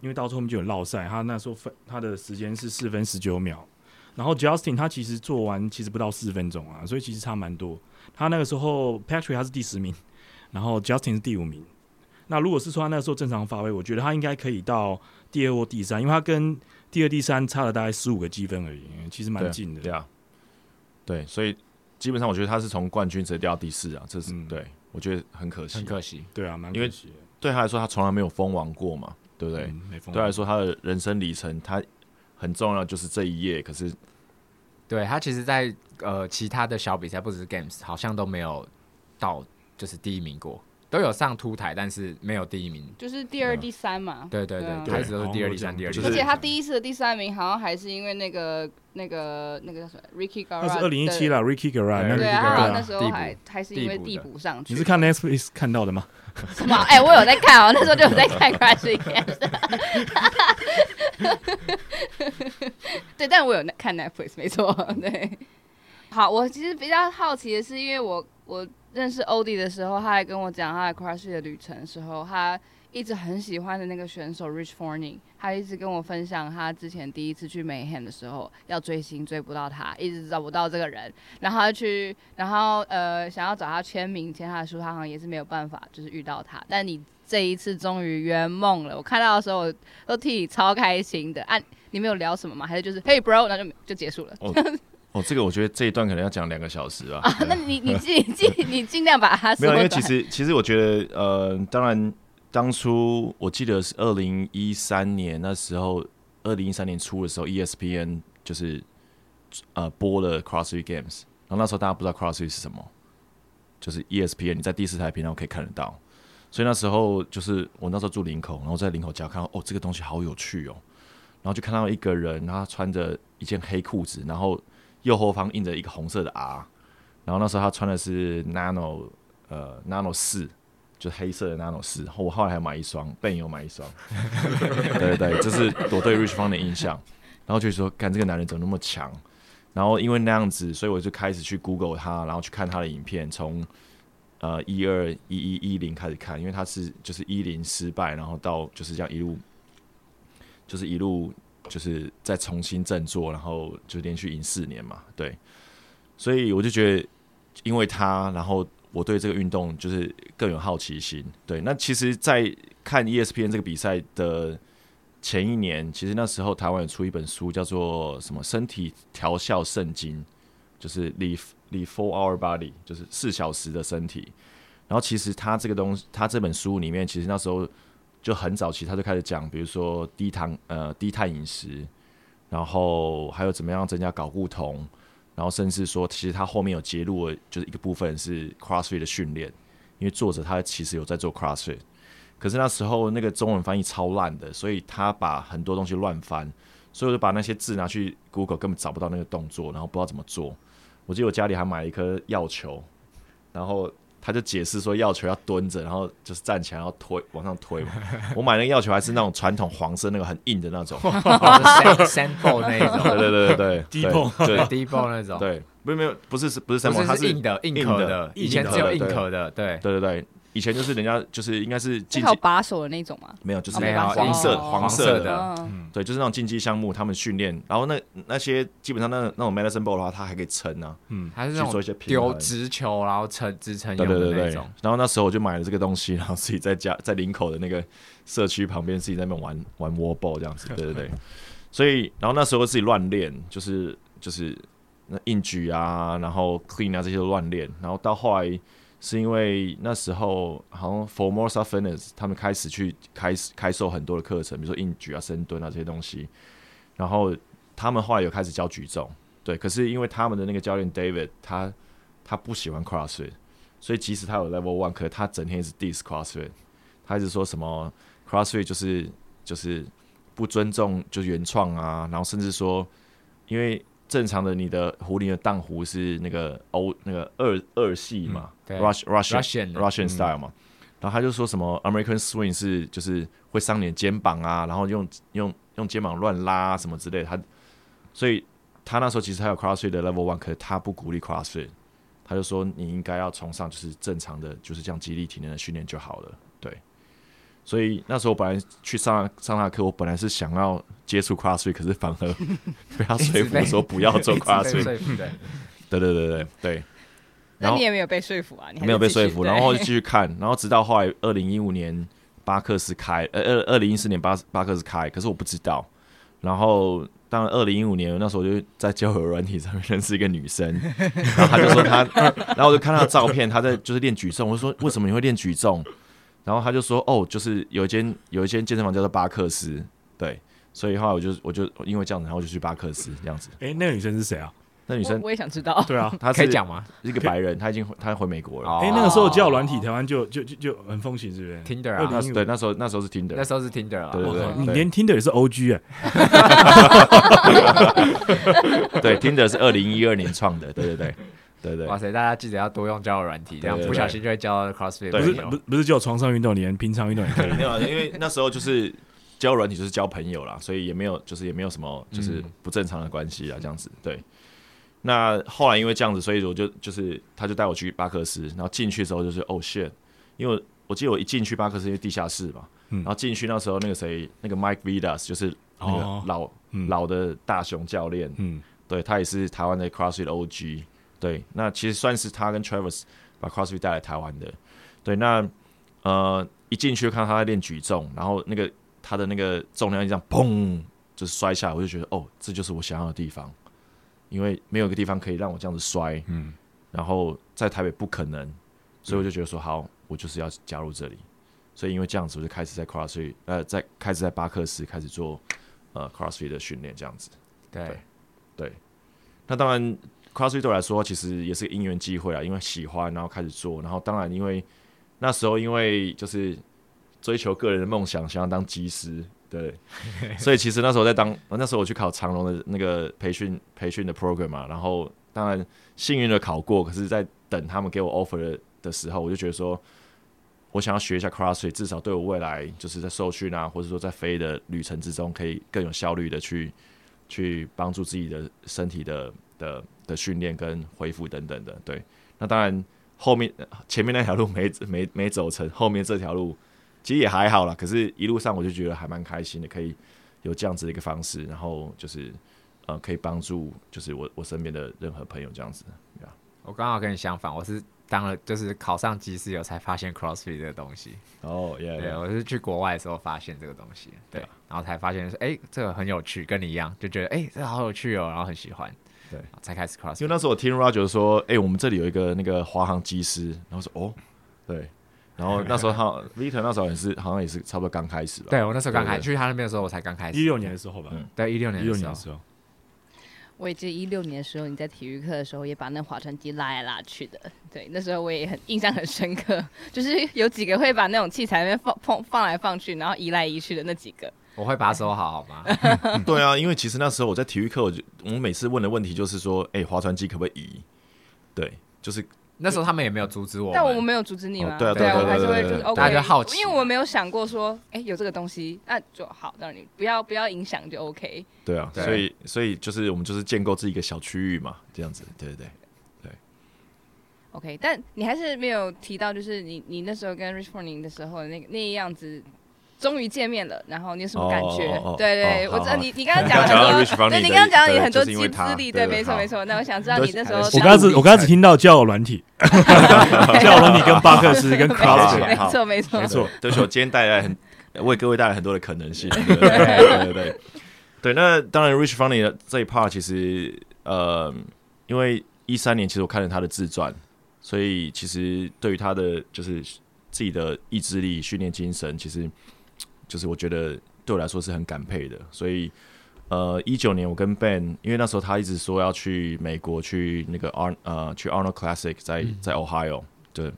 因為到最後我們就有繞賽，他那時候分他的時間是四分十九秒，然後 Justin 他其實做完其實不到四分鐘啊，所以其實差蠻多。他那個時候 Patrick 他是第十名，然後 Justin 是第五名。那如果是說他那時候正常發揮，我覺得他應該可以到第二或第三，因為他跟第二、第三差了大概十五個積分而已，其實蠻近的，對。對啊，對，所以基本上我覺得他是從冠軍直接掉到第四啊，這是、嗯、對，我覺得很可惜，很可惜。對啊，蠻可惜的，因為對他來說，他從來沒有封王過嘛，對不對？嗯、對來說，他的人生里程，他很重要就是這一頁。可是，對他其實在，在呃其他的小比賽，不只是 Games，好像都沒有到就是第一名過。都有上突台，但是沒有第一名，就是第二、第三嘛。對對對，開始都是第二、第三、第二。第三、第三。而且他第一次的第三名，好像還是因為那個、就是、那個、那個叫什麼 Ricky Gar，那是二零一七了。Ricky Garai，對，Gara，對，Gara，對，對啊，那時候還還是因為遞補上去。你是看 Netflix 看到的嗎？什麼？哎、欸，我有在看哦， 那時候就有在看《Crash Game》。對，但我有看 Netflix，沒錯。對，好，我其實比較好奇的是，因為我我。認識 Ody 的時候，他還跟我講他的 CrossFit 的旅程的時候，他一直很喜歡的那個選手 Rich Froning，他一直跟我分享他之前第一次去 Mayhem 的時候，要追星追不到他，一直找不到這個人，然後去，然後呃想要找他簽名簽他的書，他好像也是沒有辦法就是遇到他，但你這一次終於圓夢了，我看到的時候我都替你超開心的。哎、啊，你們有聊什麼嗎？還是就是 Hey bro，那就就結束了。Oh. 哦，這個我覺得這一段可能要講兩個小時啊！那你你自己你盡 量把它 沒有，因為其實其實我覺得呃，當然當初我記得是二零一三年那時候，二零一三年初的時候，ESPN 就是呃播了 CrossFit Games，然後那時候大家不知道 CrossFit 是什麼，就是 ESPN 你在第四台頻道可以看得到，所以那時候就是我那時候住林口，然後在林口家看到哦，這個東西好有趣哦，然後就看到一個人，他穿着一件黑褲子，然後。右後方印着一個紅色的 R，然後那時候他穿的是 Nano，呃，Nano 四，就是黑色的 Nano 四。後我後來還買一雙，Ben 又買一雙， 對對對，這、就是我對 Rich 方的印象。然後就是說，看這個男人怎麼那麼強。然後因為那樣子，所以我就開始去 Google 他，然後去看他的影片，從呃一二一一一零開始看，因為他是就是一零失敗，然後到就是這樣一路，就是一路。就是再重新振作，然後就連續贏四年嘛，對。所以我就覺得，因為他，然後我對這個運動就是更有好奇心。對，那其實，在看 ESPN 這個比賽的前一年，其實那時候台灣有出一本書，叫做《什麼身體調校聖經》，就是 Live、Live 4-Hour Body，就是四小時的身體。然後其實他這個東西，他這本書裡面，其實那時候。就很早期，他就開始講，比如說低糖、呃低碳飲食，然後還有怎麼樣增加睾固酮，然後甚至說，其實他後面有揭露的，就是一個部分是 CrossFit 的訓練，因為作者他其實有在做 CrossFit，可是那時候那個中文翻譯超爛的，所以他把很多東西亂翻，所以我就把那些字拿去 Google，根本找不到那個動作，然後不知道怎麼做。我記得我家裡還買了一顆藥球，然後。他就解釋說藥球要蹲着，然後就是站起來然後推往上推嘛。 我買那個藥球還是那種傳統黃色那個很硬的那種、 oh, 是 sample 那一種，對對對對，第一低那種，對，對 對對 沒有沒有，不是 不是 sample 它是硬的硬殼的，以前只有硬殼的，對 對對對。 對對對以前就是人家就是應該是競技把手的那種嘛，沒有就是那個黃色、哦、黃色的，黃色的、嗯，對，就是那種競技項目他們訓練，然後那那些基本上那那種 medicine ball 的話，它還可以撐呢、啊，嗯，還是那種去做一些平丟直球然後撐支撐腰的那種，對對對對對對，然後那時候我就買了這個東西，然後自己在家在林口的那個社區旁邊自己在那邊玩玩 wall ball 這樣子，對對對， 所以然後那時候自己亂練，就是就是那硬舉啊，然後 clean 啊這些都亂練，然後到後來。是因為那時候好像 Formosa Fitness 他們開始去開始開售很多的課程，比如說硬舉啊、深蹲啊這些東西。然後他們後來有開始教舉重，對。可是因為他們的那個教練 David，他他不喜歡 CrossFit，所以即使他有 Level One，可是他整天是 dis CrossFit。他一直說什麼 CrossFit 就是就是不尊重，就是原創啊。然後甚至說，因為。正常的,你的，你的壺鈴的盪壺是那個歐那個二二系嘛、嗯、，Russian Russian Russian style 嘛、嗯，然後他就說什麼 American swing 是就是會傷你的肩膀啊，然後用用用肩膀亂拉、啊、什麼之類的，他所以他那時候其實還有 CrossFit 的 Level One，、嗯、可是他不鼓勵 CrossFit 他就說你應該要崇尚就是正常的，就是這樣肌力體能的訓練就好了。所以那時候我本來去上上他的課，我本來是想要接觸 CrossFit，可是反而被他說服說不要做 CrossFit 直被。 對對對對對，然後。那你也沒有被說服啊？你還還沒有被說服，然後就繼續看，然後直到後來二零一五年巴克斯開，呃2二零一四年巴巴克斯開，可是我不知道。然後當然二零一五年那時候我就在交友軟體上面認識一個女生，然後她就說她、 嗯，然後我就看她的照片，她在就是練舉重，我就說，為什麼你會練舉重？然後他就說：“哦，就是有一間有一間健身房叫做巴克斯，對，所以後來我就我就因為這樣子，然後我就去巴克斯這樣子。”哎，那個女生是誰啊？那女生我，我也想知道。對啊，她是可以講嗎？一個白人，他已經回她回美國了。哎，那個時候叫我軟體，台灣就就就就很風行，是不是？Tinder 啊那，對，那時候那時候是 Tinder，那時候是 Tinder 啊。對，對，對，對你連 Tinder 也是 OG 啊、欸。 對，Tinder 是二零一二年創的，對對對。對,對對，哇塞！大家記得要多用交友軟體，這樣不小心就會交到 CrossFit 對對對。不是不是只有床上運動連平常運動也可以。 因為那時候就是交友軟體就是交朋友啦，所以也沒有就是也沒有什麼就是不正常的關係啊、嗯，這樣子。對，那後來因為這樣子，所以我就就是他就帶我去巴克斯，然後進去的時候就是哦、oh、shit，因為我,我記得我一進去巴克斯因為地下室嘛，嗯、然後進去那時候那個誰那個 Mike Vidas 就是那個老、哦嗯、老的大熊教練、嗯，對他也是台灣的 CrossFit OG。對，那其實算是他跟 Travis 把 CrossFit 帶來台灣的。對，那呃，一進去就看到他在練舉重，然後那個他的那個重量就這樣砰，就是摔下來，我就覺得哦，這就是我想要的地方，因為沒有一個地方可以讓我這樣子摔。嗯。然後在台北不可能，嗯、所以我就覺得說好，我就是要加入這裡。所以因為這樣子，我就開始在 CrossFit 呃，在開始在巴克斯開始做呃 CrossFit 的訓練這樣子。對。對。對那當然。CrossFit 對我來說，其實也是個因緣際會啊，因為喜歡，然後開始做，然後當然因為那時候因為就是追求個人的夢想，想要當機師，對， 所以其實那時候在當，哦、那時候我去考長榮的那個培訓培訓的 program 嘛、啊，然後當然幸運的考過，可是在等他們給我 offer 的，的時候，我就覺得說我想要學一下 CrossFit，至少對我未來就是在受訓啊，或者說在飛的旅程之中，可以更有效率的去去幫助自己的身體的的的訓練跟恢復等等的，對，那當然後面、呃、前面那條路沒沒沒走成，後面這條路其實也還好啦。可是一路上我就覺得還蠻開心的，可以有這樣子的一個方式，然後就是呃可以幫助，就是我我身邊的任何朋友這樣子。Yeah. 我剛好跟你相反，我是當了就是考上技師有才發現 CrossFit 這個東西。哦、oh, yeah, yeah. 對，我是去國外的時候發現這個東西，對，yeah. 然後才發現說，哎、欸，這個很有趣，跟你一樣，就覺得哎、欸，這個、好有趣哦，然後很喜歡。對，才開始 cross。因為那時候我聽 Roger 說，哎、欸，我們這裡有一個那個華航機師，然後說哦，對，然後那時候他 Victor 那時候也是，好像也是差不多剛開始吧。對，對，對，我那時候剛開去他那邊的時候，我才剛開始。一六年的時候吧，嗯，在一六年一六年的時候，我也記得一六年的時候你在體育課的時候也把那划船機拉來拉去的。對，那時候我也很印象很深刻，就是有幾個會把那種器材那邊放碰放來放去，然後移來移去的那幾個。我會把手好，好嗎、 嗯？對啊，因為其實那時候我在體育課，我就我們每次問的問題就是說，哎、欸，划船機可不可以移？對，就是那時候他們也沒有阻止我，但我們沒有阻止你嗎？對對對，對對對。大家好奇，因為我們沒有想過說，哎、欸，有這個東西，那就好，讓你不要不要影響就 OK。對啊，所以，對。所以，所以就是我們就是建構自己一個小區域嘛，這樣子，對對對對。OK，但你還是沒有提到，就是你你那時候跟 Rich Forning 的時候，那個那樣子。終於見面了，然後你有什麼感覺？哦哦哦哦哦哦哦對對，好好，我知道你你剛剛講了很多，那你剛剛講到你很多意志力，對，沒錯沒錯。那我想知道你那時候，我剛只我剛，我剛只聽到叫我軟體，叫我軟體跟巴克斯跟克拉， 沒錯沒錯沒錯，就是我今天帶來很為各位帶來很多的可能性，對對對對。那當然，Rich Forning 的這一 part 其實呃，因為一三年其實我看了他的自傳，所以其實對於他的就是自己的意志力訓練精神，其實。就是我覺得對我來說是很感佩的，所以呃，一九年我跟 Ben，因為那時候他一直說要去美國去那個 Ar 呃去 Arnold Classic 在在 Ohio，、嗯、對，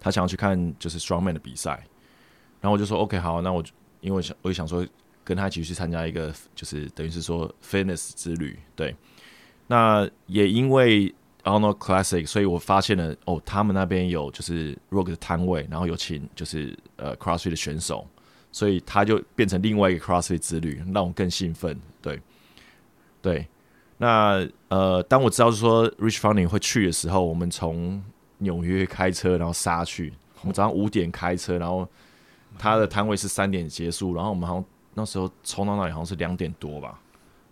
他想要去看就是 Strongman 的比賽，然後我就說 OK 好，那我因為我想我就想說跟他一起去參加一個就是等於是說 Fitness 之旅，對，那也因為 Arnold Classic，所以我發現了哦，他們那邊有就是 Rogue 的攤位，然後有請就是呃 CrossFit 的選手。所以他就變成另外一個 CrossFit 之旅，讓我更興奮。對，對，那呃，當我知道說 Rich Forning 會去的時候，我們從紐約開車，然後殺去。我們早上五點開車，然後他的攤位是三點結束，然後我們好像那時候衝到那裡，好像是兩點多吧。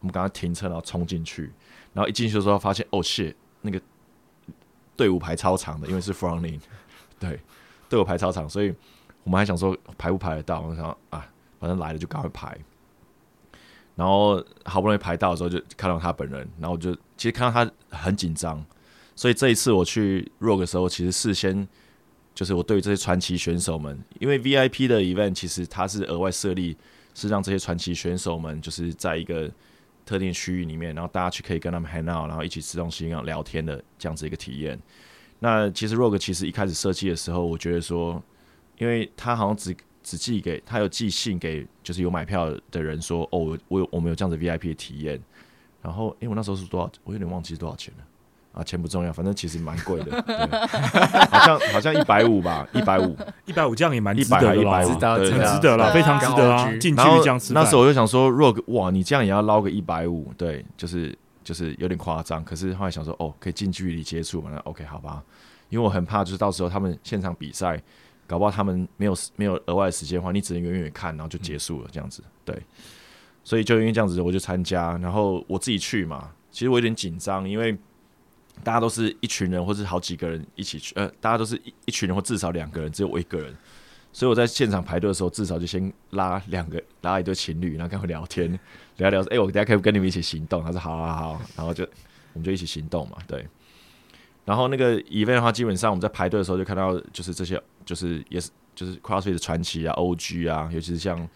我們剛剛停車，然後衝進去，然後一進去的時候發現，哦、oh、，shit，那個隊伍排超長的，因為是 Forning 對，隊 伍排超長，所以。我們還想說排不排得到？我想啊，反正來了就趕快排。然後好不容易排到的時候，就看到他本人。然後我就其實看到他很緊張，所以這一次我去 Rogue 的時候，其實事先就是我對於這些傳奇選手們，因為 VIP 的 event 其實它是額外設立，是讓這些傳奇選手們就是在一個特定區域裡面，然後大家去可以跟他們 hang out，然後一起吃東西、聊天的這樣子一個體驗。那其實 Rogue 其實一開始設計的時候，我覺得說。因為他好像只只寄給他有寄信給，就是有買票的人說哦，我，我有我們有這樣子 VIP 的體驗。然後，因為我那時候是多少，我有點忘記是多少錢了啊，錢不重要，反正其實蠻貴的， 好像好像一百五吧，一百五，一百五，這樣也蠻值得了，值得了，非常值得啊。近距離這樣，那時候我就想說，Rogue，哇，你這樣也要撈個一百五，對，就是就是有點誇張。可是後來想說，哦，可以近距離接觸嘛，那 OK 好吧，因為我很怕就是到時候他們現場比賽。搞不好他們沒有沒有額外的時間的話，你只能遠遠看，然後就結束了這樣子。對，所以就因為這樣子，我就參加，然後我自己去嘛。其實我有點緊張，因為大家都是一群人，或是好幾個人一起去。呃，大家都是一一群人，或至少兩個人，只有我一個人。所以我在現場排隊的時候，至少就先拉兩個，拉一對情侶，然後跟我聊天，聊聊說：“哎、欸，我等下可以跟你們一起行動。”他說：“好、啊，好，好。”然後就 我們就一起行動嘛，對。然後那個 event 的話，基本上我們在排隊的時候就看到，就是這些，就是也是就是 CrossFit 的傳奇啊，OG 啊，尤其是像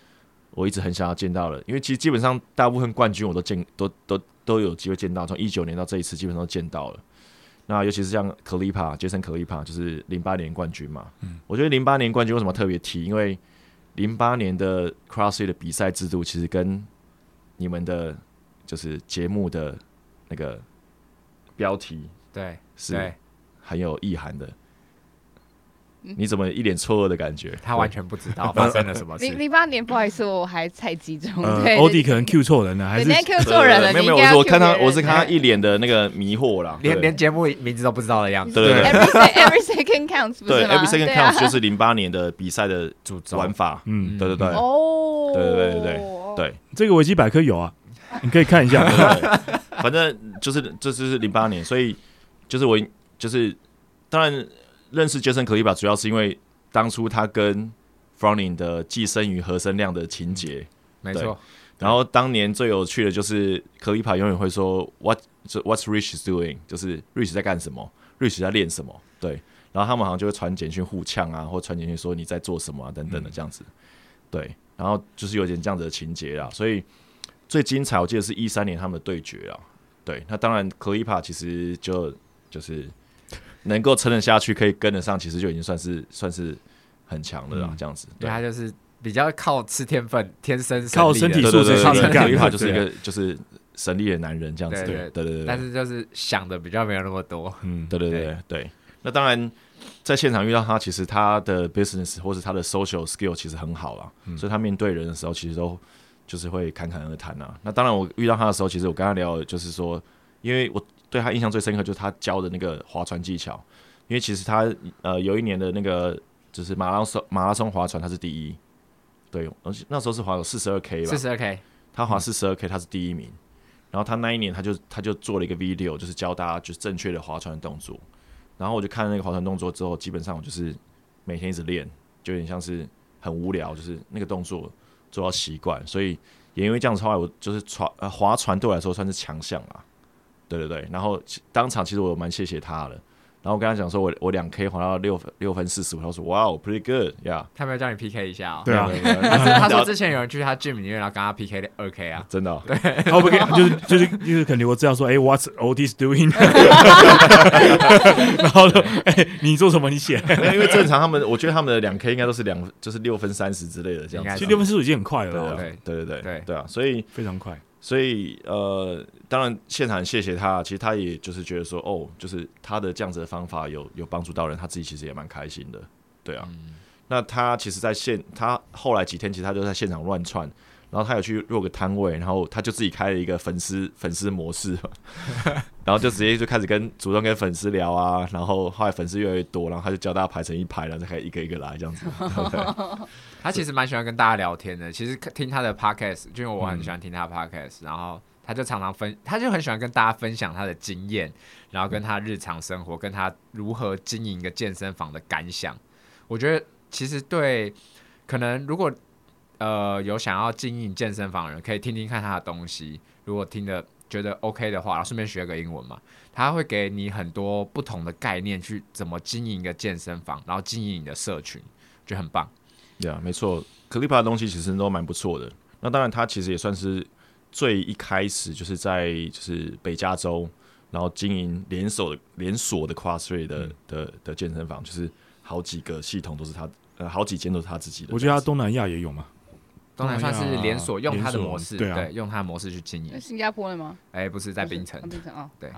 我一直很想要見到的，因為其實基本上大部分冠軍我都見，都都都有機會見到，從一九年到這一次基本上都見到了。那尤其是像可利帕，傑森可利帕，就是零八年冠軍嘛。嗯。我覺得零八年冠軍為什麼特別提？因為零八年的 CrossFit 的比賽制度其實跟你們的就是節目的那個標題對。是，很有意涵的。你怎麼一臉錯愕的感覺？他完全不知道發生了什麼事。零零八年，不好意思，我還太集中。Ody、呃、可能 Q 錯人了，還是 Q 錯人了？沒有沒有，對對對對對對我，是我看他，我是看他一臉的那個迷惑了，連連節目也名字都不知道的樣子。對，對 ，Every second counts，對，Every second counts 就是零八年的比賽的主玩法。嗯，對對對，哦，對對對對對，對 oh、對這個維基百科有啊， 你可以看一下好好對。反正就是這就是零八年，所以。就是我，就是當然認識傑森·克里斯吧，主要是因為當初他跟弗 n g 的《寄生與和聲量的情節、嗯，沒錯。然後當年最有趣的就是克里斯永遠會說 “What What's Rich doing？” 就是 Rich 在幹什麼，r i c h 在練什麼，對。然後他們好像就會傳簡訊互嗆啊，或傳簡訊說你在做什麼、啊、等等的這樣子、嗯，對。然後就是有點這樣子的情節啊，所以最精彩我記得是一三年他們的對決啊，對。那當然克里斯其實就。就是能夠撐得下去，可以跟得上，其實就已經算是算是很強了啦。這樣子，嗯、對，對他就是比較靠吃天分，天生靠身體素質，靠身體的話就是一個就是神力的男人這樣子，對對對。對對對。但是就是想的比較沒有那麼多。對對對對，嗯，對對對對。對對，那當然，在現場遇到他，其實他的 business 或是他的 social skill 其實很好了、嗯，所以他面對人的時候，其實都就是會侃侃而談啊、嗯。那當然，我遇到他的時候，其實我跟他聊，就是說，因為我。對他印象最深刻就是他教的那個划船技巧，因為其實他呃有一年的那個就是馬拉松馬拉松划船他是第一，對，而且那時候是劃了四十二 K 吧，四十二 K，他劃四十二 K 他是第一名，嗯，然後他那一年他就他就做了一個 video，就是教大家就是正確的划船的動作，然後我就看那個划船動作之後，基本上我就是每天一直練，就有點像是很無聊，就是那個動作做到習慣，所以也因為這樣子，後來我就是劃呃划船對我來說算是強項啦。對對對，然後當場其實我蠻謝謝他的。然後我跟他講說我，我我兩 K 還到六分六分四十五。他說，哇，Pretty good，yeah。他們要叫你 PK 一下啊、哦？對啊。 對對對對 啊啊是他說之前有人去他 Gym 裡面，然後跟他 PK 二 K 啊。真的、就是就是就是欸？ 對。他不給，就是就是就是，可能我這樣說，哎，What's Ody doing？然後哎，你做什麼？你寫？因為正常他們，我覺得他們的兩 K 應該都是兩就是六分三十之類的這樣。其實六分四十已經很快了，對、啊、對、啊、對、啊、對啊對，對，對啊，所以非常快。所以呃，當然現場很謝謝他。其實他也就是覺得說，哦，就是他的這樣子的方法有有幫助到人，他自己其實也蠻開心的，對啊。嗯、那他其實在現他後來幾天其實他就在現場亂竄。然後他有去入個攤位，然後他就自己開了一個粉絲粉絲模式，然後就直接就開始跟 主動跟粉絲聊啊，然後後來粉絲越來越多，然後他就教大家排成一排，然後再開始一個一個來這樣子。對 他其實蠻喜歡跟大家聊天的，其實聽他的 podcast，就因為我很喜歡聽他的 podcast，、嗯、然後他就常常分，他就很喜歡跟大家分享他的經驗，然後跟他日常生活、嗯，跟他如何經營一個健身房的感想。我覺得其實對可能如果。呃，有想要經營健身房的人可以聽聽看他的東西。如果聽得覺得 OK 的話，啊、順便學個英文嘛。他會給你很多不同的概念，去怎麼經營一個健身房，然後經營你的社群，就很棒。對、yeah, 啊，沒錯 Khalipa 的東西其實都蠻不錯的。那當然，他其實也算是最一開始就是在就是北加州，然後經營連鎖的連鎖的 CrossFit 的、嗯、的的健身房，就是好幾個系統都是他，呃，好幾間都是他自己的。我覺得他東南亞也有嘛。東南算是連鎖、啊，用它的模式，對、啊、對用它的模式去經營。新加坡的嗎？哎、欸，不是在檳城，城。檳城啊，對，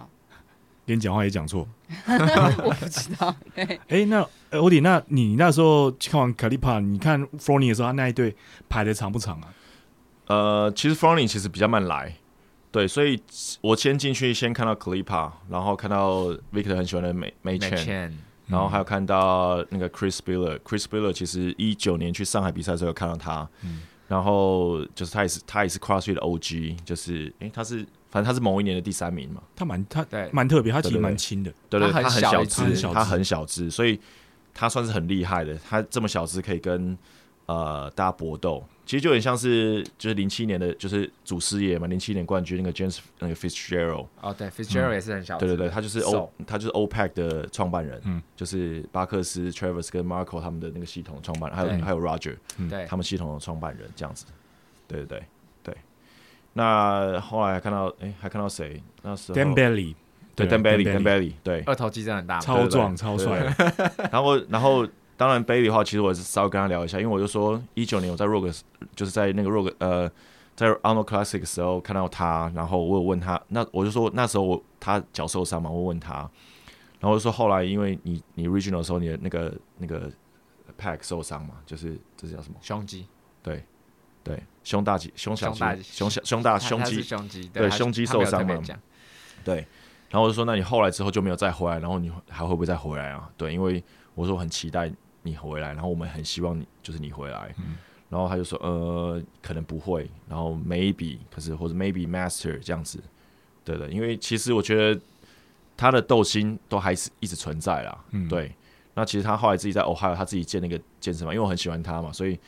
連講話也講錯， 我不知道哎、欸欸。那 Ody，那你那時候去看完 Kalipa，你看 Froning 的時候，他那一隊排得長不長啊？呃，其實 Froning 其實比較慢來，對，所以我先進去，先看到 Kalipa，然後看到 Victor 很喜歡的 May May Chan，May Chan、嗯、然後還有看到那個 Chris Biller，Chris Biller 其實一九年去上海比賽的時候有看到他，嗯。然後就是他也是他也是 CrossFit 的 OG，就是誒他是反正他是某一年的第三名嘛。他蠻他蠻特別，他其實蠻輕的，對，對對，他很小只，他很小只，他很小只，他很小只，所以他算是很厲害的。他這麼小只可以跟。呃，大搏鬥其實就很像是，就是零七年的就是祖師爺嘛，零七年冠軍那個 James 那個 Fitzgerald 哦、oh，對，Fitzgerald、嗯、也是很小的，對對對，他就是 O、so. 他就是 OPEC 的創辦人，嗯，就是巴克斯 Travis 跟 Marco 他們的那個系統創辦人，人、嗯，還有還有 Roger，對、嗯，他們系統的創辦人這樣子，對對對對。那後來還看到哎、欸，還看到誰那時候 Dan Bailey，對 Dan Bailey Dan Bailey，對，對, Damn Damn Belly, Damn Belly, 對，對、Belly、二頭肌真的很大，超壯超帥然後然後。然後 當然 Bailey 的話，其實我也是稍微跟他聊一下，因為我就說，一九年我在 Rogue，就是在那個 Rogue，呃，在 Arnold Classic 的時候看到他，然後我有問他,那我就說那時候我他腳受傷嘛，我問他，然後我就說後來因為你你 Regional 的時候你的那個那個 Pack 受傷嘛，就是這是叫什麼？胸肌。對對，胸大肌、胸小肌、胸小胸大胸肌，他他胸肌對，胸肌，對胸肌受傷嘛。對，然後我就說那你後來之後就沒有再回來，然後你還會不會再回來啊？對，因為我說我很期待。你回來，然後我們很希望你就是你回來，嗯、然後他就說呃可能不會，然後 maybe 可是或者 maybe master 這樣子，對的，因為其實我覺得他的鬥心都還是一直存在啦、嗯，對。那其實他後來自己在 Ohio 他自己建那個健身房，因為我很喜歡他嘛，所以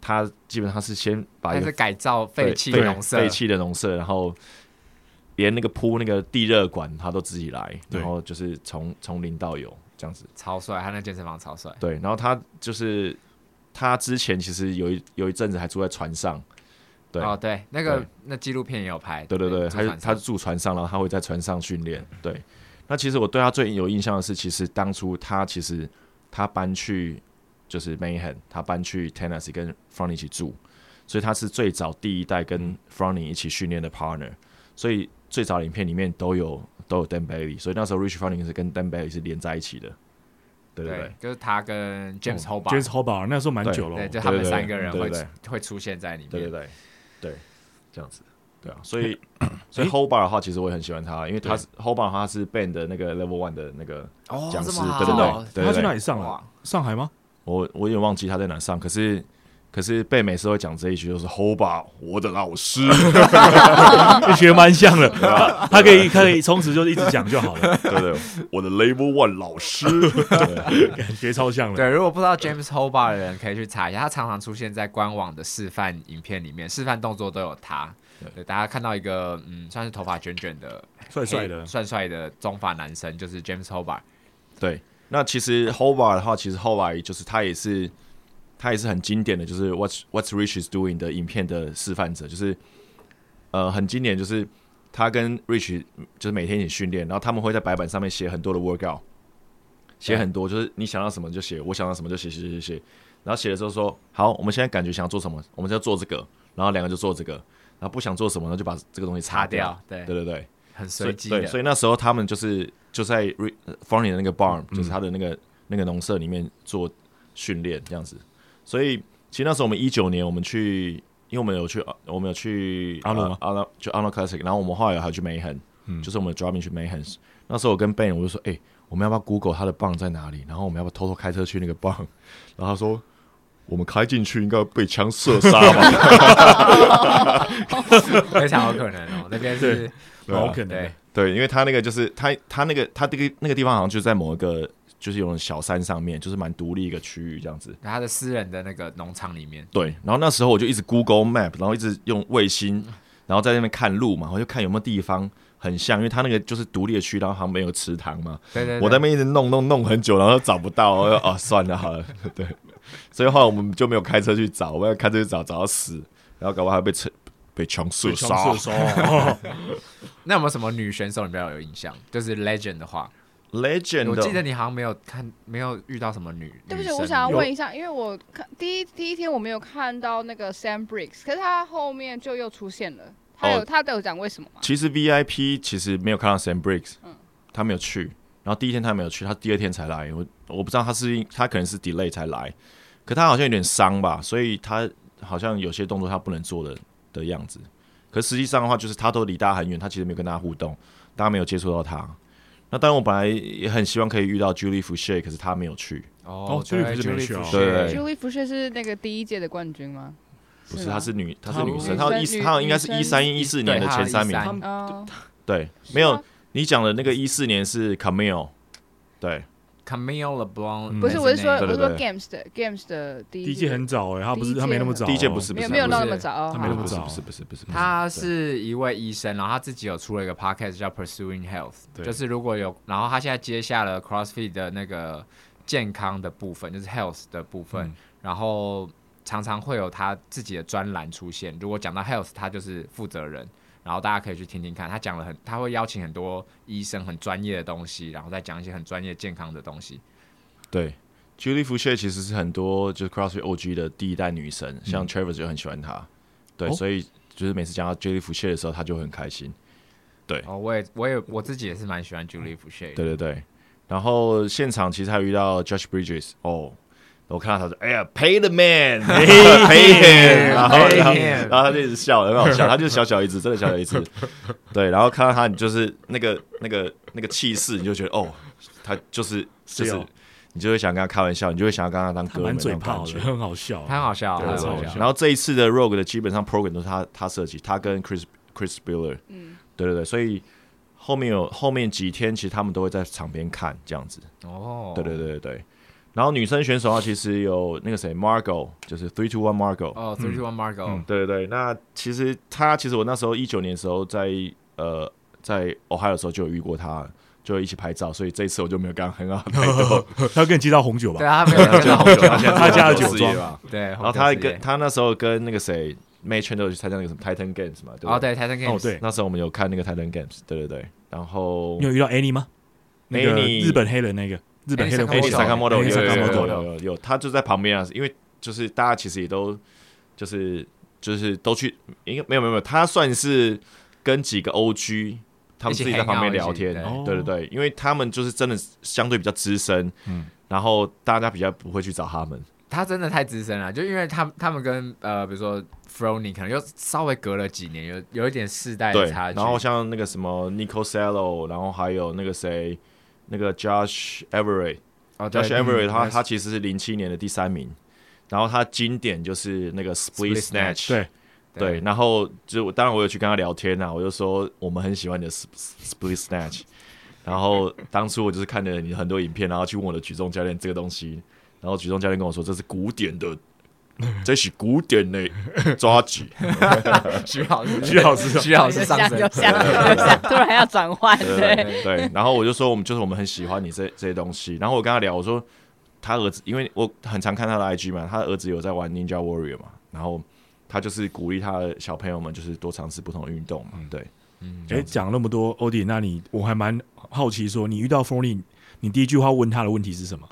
他基本上他是先把一個是改造廢棄的農舍，廢棄的農舍，然後連那個鋪那個地熱管他都自己來，然後就是從從零到有。這樣子超帥，他那健身房超帥。對，然後他就是他之前其實有一有一陣子還住在船上，對哦，對，那個那紀錄片也有拍。對對對，他是他住船上，然後他會在船上訓練。對、嗯，那其實我對他最有印象的是，其實當初他其實他搬去就是 Mayhem，他搬去 Tennessee 跟 Froning 一起住，所以他是最早第一代跟 Froning 一起訓練的 partner，所以最早影片裡面都有。都有 Dan Bailey 所以那時候 Rich Froning 是跟 Dan Bailey 是連在一起的，對對對，對就是他跟 James Hobart，James Hobart，、嗯、James Hobart 那時候蠻久了，對，就他們三個人會對對對會出現在裡面，對對對，對這樣子，對啊，所以 所以 Hobart 的話，其實我也很喜歡他，因為他是、欸、Hobart 他是 Band 的那個 Level One 的那個講師、哦，對對對，這對對對他去哪裡上了？上海嗎？我我有點忘記他在哪上，可是。可是貝每次都會講這一句，就是 Hobart，我的老師，一學蠻像的， 他可以可以充實就一直講就好了， 對不對，對？我的 Level One 老師， 感覺超像的。對，如果不知道 James Hobart 的人，可以去查一下，他常常出現在官網的示範影片裡面，示範動作都有他。對，大家看到一個嗯，算是頭髮卷卷的，帥帥的，帥帥的中髮男生，就是 James Hobart。對，那其實 Hobart 的話，嗯、其實後來就是他也是。他也是很經典的，就是 What's What's Rich is doing 的影片的示範者，就是呃很經典，就是他跟 Rich 就是每天一起訓練，然後他們會在白板上面寫很多的 workout，寫很多，就是你想要什麼就寫，我想要什麼就寫寫寫寫，然後寫的時候說好，我們現在感覺想要做什麼，我們就做這個，然後兩個就做這個，然後不想做什麼，呢，就把這個東西擦掉，對對對對，很隨機的，所以，所以那時候他們就是就在 Rich Forning 的那個 barn，就是他的那個那個農舍裡面做訓練這樣子。所以，其實那時候我們一九年，我們去，因為我們有去，我們有去阿諾，阿諾就阿諾 Classic，然後我們後來還有去 Mayhem、嗯、就是我們的 drop in 去 Mayhem 那時候我跟 Ben 我就說，哎、欸，我們要不要 Google 他的 box 在哪裡？然後我們要不要偷偷開車去那個 box？然後他說，我們開進去應該被槍射殺吧？ 非常有可能哦，那邊是，有可能，對，因為他那個就是他他那個他那個他、那個、那個地方好像就在某一個。就是有種小山上面，就是蠻獨立一個區域這樣子，他的私人的那個農場裡面。對，然後那時候我就一直 Google Map，然後一直用衛星，然後在那邊看路嘛，我就看有沒有地方很像，因為他那個就是獨立的區，然後好像沒有池塘嘛。對對對，我在我那邊一直弄弄弄很久，然後都找不到，我說、 啊、 算了好了，對。所以後來我們就沒有開車去找，我要開車去找，找到死，然後搞不好還要被車被撞碎、撞。 那有沒有什麼女選手你比較有印象？就是 Legend 的話。Legend，、欸、我記得你好像沒有看，沒有遇到什麼女。對不起，我，我想要問一下，因為我看第一第一天我沒有看到那個 Sam Briggs，可是他後面就又出現了。他有、哦、他都有講為什麼嗎？其實 VIP 其實沒有看到 Sam Briggs，、嗯、他沒有去，然後第一天他沒有去，他第二天才來。我我不知道他是他可能是 delay 才來，可他好像有點傷吧，所以他好像有些動作他不能做的的樣子。可實際上的話，就是他都離大家很遠，他其實沒有跟大家互動，大家沒有接觸到他。那當然，我本來也很希望可以遇到 Julie Foucher，可是她沒有去。Oh, 哦，Julie Foucher 沒去、哦、對，Julie Foucher 是那個第一屆的冠軍嗎？不是，她是女，她是女生。他她一她，她應該是一三一四年的前三名對。對，沒有你講的那個一四年是 Camille，對。Camille LeBlanc、嗯、不是，我是說，我是說 Games 的對對對 Games 的第一屆很早誒、欸，他不是，他沒那麼早，第一屆不是，沒有沒有那麼早，他沒那麼早，不是不是不是，他是一位醫生，然後他自己有出了一個 Podcast 叫 Pursuing Health，對就是如果有，然後他現在接下了 CrossFit 的那個健康的部分，就是 Health 的部分，嗯、然後常常會有他自己的專欄出現，如果講到 Health，他就是負責人。然後大家可以去聽聽看，他講了很，他會邀請很多醫生，很專業的東西，然後再講一些很專業健康的東西。對，Julie Foucher 其實是很多就是 CrossFit OG 的第一代女神，嗯、像 Travis 就很喜歡她，對、哦，所以就是每次講到 Julie Foucher 的時候，他就很開心。對，哦，我也，我也，我自己也是蠻喜歡 Julie Foucher 的。對對對，然後現場其實還遇到 Josh Bridges 哦。我看到他說：“哎呀，Pay the man，Pay him, pay him。”然後，然後他就一直笑，很好笑。他就是小小一隻，真的小小一隻。對，然後看到他，你就是那個、那個、那個氣勢，你就覺得哦，他就是就是，是、哦，你就會想跟他開玩笑，你就會想要跟他當哥們，很好笑，很好笑、啊，很好笑、啊好笑啊。然後這一次的 Rogue 的基本上 Program 都是他他設計，他跟 Chris Chris Biller 嗯，對對對。所以後面有後面幾天，其實他們都會在場邊看這樣子。哦，對對對對對。然後女生選手啊，其實有那個誰 Margo 就是 Three to One、oh, 嗯、Margo 哦、嗯、Three to One Margo 對對對，那其實他其實我那時候一九年的時候在呃在 Ohio 的時候就有遇過他，就一起拍照，所以這一次我就沒有跟很好拍照。 他跟給你介紹紅酒吧？對啊，他沒有介紹紅酒， 他，紅酒 他，紅酒 他加了酒莊吧？對。然後他跟他那時候跟那個誰，May Chan 都去參加那個什麼 Titan Games 嘛。對、oh, 對，Titan Games 哦。哦對。那時候我們有看那個 Titan Games，對對對。然後你有遇到 Annie 嗎？那個日本黑人那個。那個日本黑人 m、欸、有，有，有，有，有有有，他就在旁邊啊，因為就是大家其實也都就是就是都去，應該沒有沒有，他算是跟幾個 OG，他們自己在旁邊聊天對，對對對，因為他們就是真的相對比較資深，嗯，然後大家比較不會去找他們，他真的太資深了，就因為他們他們跟呃比如說 Froning 可能又稍微隔了幾年，有有一點世代的差距，然後像那個什麼 Nico Sello，然後還有那個誰。那個 Josh Everett 啊 Josh Everett 他他,他其實是零七年的第三名，然後他經典就是那個 Split Snatch，, split snatch 對對,對，然後就我當然我有去跟他聊天吶、啊，我就說我們很喜歡你的 Split Snatch， 然後當初我就是看了你很多影片，然後去問我的舉重教練這個東西，然後舉重教練跟我說這是古典的。這是古典嘞，抓舉，許老師許老師許老師上身就下身，就就就 突然要轉換，對對，對， 對，對對。然後我就說，我們就是我們很喜歡你這這些東西。然後我跟他聊，我說他兒子，因為我很常看他的 IG 嘛，他的兒子有在玩 Ninja Warrior 嘛，然後他就是鼓勵他的小朋友們，就是多嘗試不同的運動嘛，嗯、對，嗯。哎、欸，講那麼多，Ody，那你我還蠻好奇說，說你遇到風力，你第一句話問他的問題是什麼？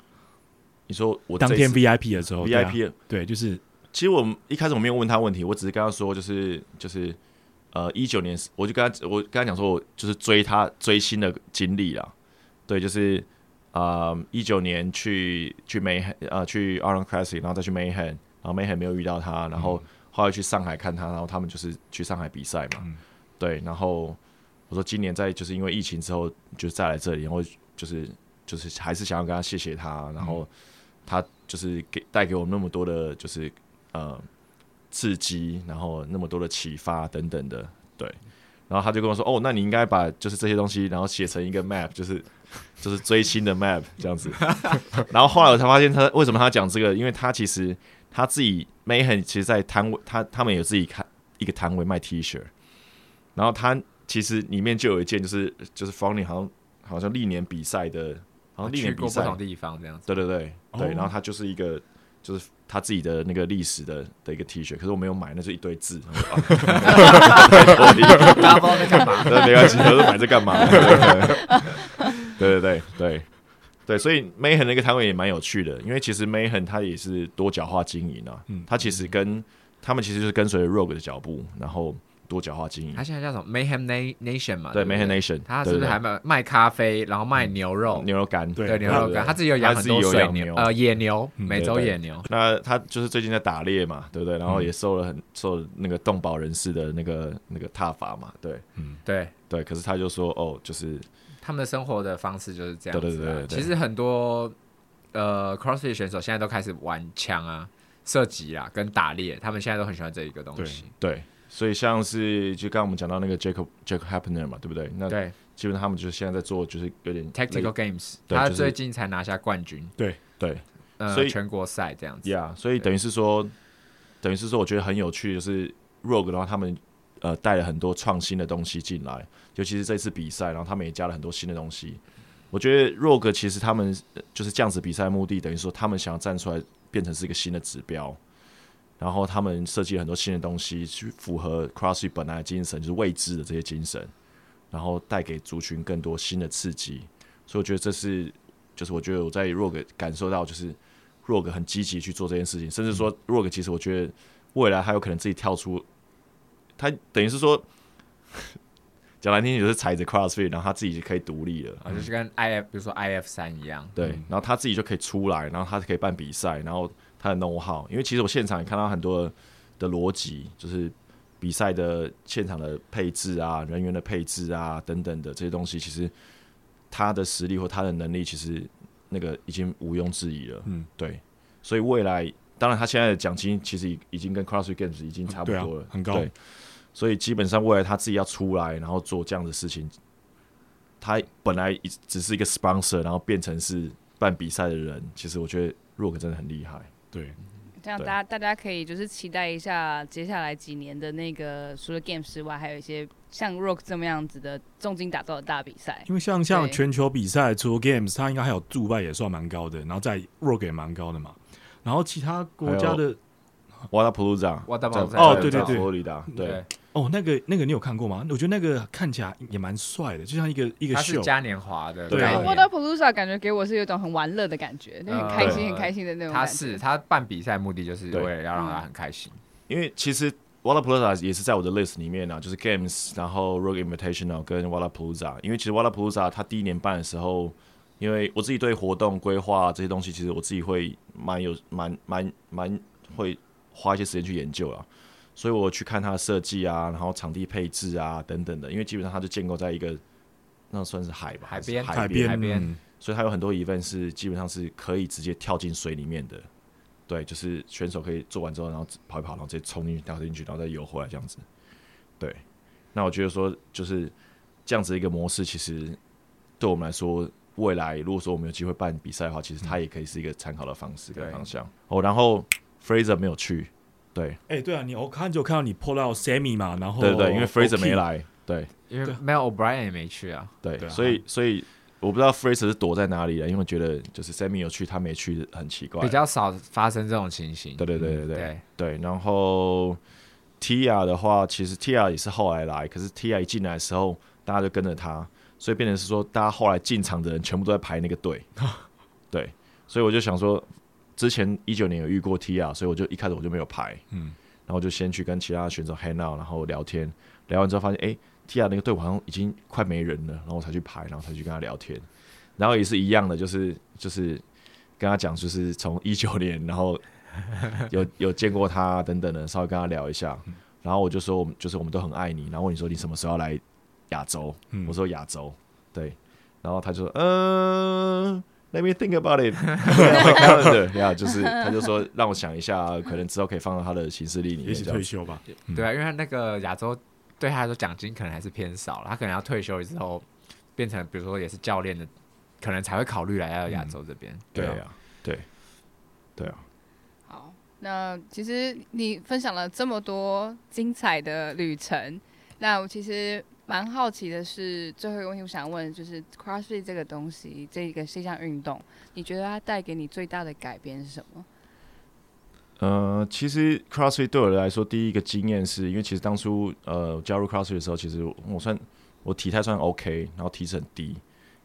你說我當天 VIP 的時候，VIP 的對、啊、對，就是其實我一開始我沒有問他問題，我只是跟他說、就是，就是就是呃一九年，我就跟他我跟他講說，我就是追他追星的經歷了，對，就是呃，一九年去去 Mayhem 啊、呃、去 Arnold Classic 然後再去 Mayhem，然後 Mayhem 沒有遇到他，然後後來去上海看他，然後他們就是去上海比賽嘛、嗯，對，然後我說今年在就是因為疫情之後就再來這裡，然後就是就是還是想要跟他謝謝他，然後。嗯他就是給帶給我們那麼多的，就是呃刺激，然後那麼多的啟發等等的，對。然後他就跟我說：“哦，那你應該把就是這些東西，然後寫成一個 map，就是就是追星的 map 這樣子。 ”然後後來我才發現他，他為什麼他講這個，因為他其實他自己 Mayhem 其實在攤位，他他們有自己開一個攤位賣 T 恤，然後他其實裡面就有一件，就是，就是就是 Funny 好像好像歷年比賽的。然後歷年比賽對對對，去過不同地方這樣子，對對對對，然後他就是一個就是他自己的那個歷史的的一個 T 恤，可是我沒有買，那是一堆字。大家不知道在幹嘛，對沒關係，都是買在幹嘛？對 對對對對，對對對所以 Mayhem 那個攤位也蠻有趣的，因為其實 Mayhem 他也是多角化經營啊、嗯，他其實跟他們其實就是跟隨着 Rogue 的腳步，然後。多角化經營，他現在叫什麼？Mayhem Nation 嘛？對，對，對，Mayhem Nation。他是不是還賣賣咖啡，然後賣牛肉、嗯、牛肉乾？對，牛肉乾。他自己有養很多水牛，牛，呃，野牛，嗯、美洲野牛對對對。那他就是最近在打獵嘛，對不對？然後也受了很、嗯、受了那個動保人士的那個那個撻伐嘛。對，嗯，對，對。可是他就說，哦，就是他們的生活的方式就是這樣子。對對對，對對對。其實很多呃，CrossFit 選手現在都開始玩槍啊、射擊啦、啊，跟打獵，他們現在都很喜歡這一個東西。對。對所以像是就剛剛我們講到那個 Jacob Jacob Happener 嘛，對不對？那對，那基本上他們就是現在在做，就是有點 Tactical Games，對，他最近才拿下冠軍。對、就是、對，對、呃，所以全國賽這樣子。呀、yeah,，所以等於是說，等於是說，我覺得很有趣，就是 Rogue 的話，他們呃帶了很多創新的東西進來，尤其是這次比賽，然後他們也加了很多新的東西。我覺得 Rogue 其實他們就是這樣子的比賽目的，等於說他們想要站出來變成是一個新的指標。然後他們設計了很多新的東西，去符合 CrossFit 本來的精神，就是未知的這些精神，然後帶給族群更多新的刺激。所以我覺得這是，就是我覺得我在 Rogue 感受到，就是 Rogue 很積極去做這件事情。甚至說 Rogue 其實我覺得未來他有可能自己跳出，他等於是說，講難聽點就是踩着 CrossFit，然後他自己就可以獨立了，啊、就是跟 IF 比如說 IF 三一樣，對，然後他自己就可以出來，然後他就可以辦比賽，然後。他的 know-how，因為其實我現場也看到很多的邏輯，就是比賽的現場的配置啊、人員的配置啊等等的這些東西，其實他的實力或他的能力，其實那個已經毋庸置疑了。嗯，對。所以未來，當然他現在的獎金其實已已經跟 Cross Games 已經差不多了、嗯啊，很高。對。所以基本上未來他自己要出來，然後做這樣的事情，他本來只只是一個 sponsor，然後變成是辦比賽的人，其實我覺得 Rogue 真的很厲害。對，這樣大家大家可以就是期待一下接下來幾年的那個，除了 Games 之外，還有一些像 Rogue 這麼樣子的重金打造的大比賽。因為像像全球比賽，除了 Games，它應該還有杜拜也算蠻高的，然後在 Rogue 也蠻高的嘛。然後其他國家的，瓦達普魯獎，瓦達普魯獎哦，對對對，佛羅里達，對。Okay. 哦，那個那個你有看過嗎？我覺得那個看起來也蠻帥的，就像一個一個秀。他是嘉年華的，對。Wodapalooza 感覺給我是有一種很玩樂的感覺，就很開心、呃，很開心的那種感覺。他是他辦比賽目的就是對，為了要讓他很開心。嗯、因為其實 Wodapalooza 也是在我的 list 裡面呢、啊，就是 Games，然後 Rogue Invitational 跟 Wodapalooza 因為其實 Wodapalooza 他第一年辦的時候，因為我自己對活動規劃、啊、這些東西，其實我自己會蠻有蠻蠻蠻會花一些時間去研究了、啊。所以，我去看它的設計啊，然後場地配置啊，等等的，因為基本上它就建構在一個，那算是海吧，海邊，海邊，海、嗯、邊，所以它有很多 event 是基本上是可以直接跳進水裡面的，對，就是選手可以做完之後，然後跑一跑，然後直接衝進去跳進去，然後再游回來這樣子。對，那我覺得說，就是這樣子一個模式，其實對我們來說，未來如果說我們有機會辦比賽的話，其實它也可以是一個參考的方式跟方向。嗯、哦，然後、嗯、Fraser 沒有去。對，哎、欸，對啊，你我看就看到你破到 Sammy 嘛，然後對對，因為 Fraser 沒來，oh, King, 對，因為 Mal O'Brien 也沒去啊，對，對啊、所以所以我不知道 Fraser 是躲在哪裡了，因為我覺得就是 Sammy 有去，他沒去很奇怪，比較少發生這種情形，對對對對對、嗯、對，對，然後 Tia 的話，其實 Tia 也是後來來，可是 Tia 一進來的時候，大家就跟着他，所以變成是說大家後來進場的人全部都在排那個隊， 對，所以我就想說。之前一九年有遇過 Tia，所以我就一開始我就沒有排，嗯，然後我就先去跟其他選手 hang out，然後聊天，聊完之後發現，哎、欸，Tia 那個隊伍好像已經快沒人了，然後我才去排，然後才去跟他聊天，然後也是一樣的，就是就是跟他講，就是從一九年，然後有有見過他等等的，稍微跟他聊一下，然後我就說我們就是我們都很愛你，然後你說你什麼時候來亞洲？我說亞洲，嗯、對，然後他就說嗯。呃 Let me think about it. 對呀，就是 他就說， 他就說讓我想一下，可能之後可以放到他的行事曆裡面。一起退休吧。對啊，因為他那個亞洲對他來說獎金可能還是偏少了，嗯，他可能要退休之後變成比如說也是教練的，可能才會考慮來到亞洲這邊，嗯啊。對啊，對，對啊。好，那其實你分享了這麼多精彩的旅程，那我其實。蠻好奇的是，最後一個問題我想問，就是 CrossFit 這個東西，這個是一項運動，你覺得它帶給你最大的改變是什麼？呃，其實 CrossFit 對我來說，第一個經驗是因為其實當初呃加入 CrossFit 的時候，其實我,我算我體態算 OK，然後體脂很低，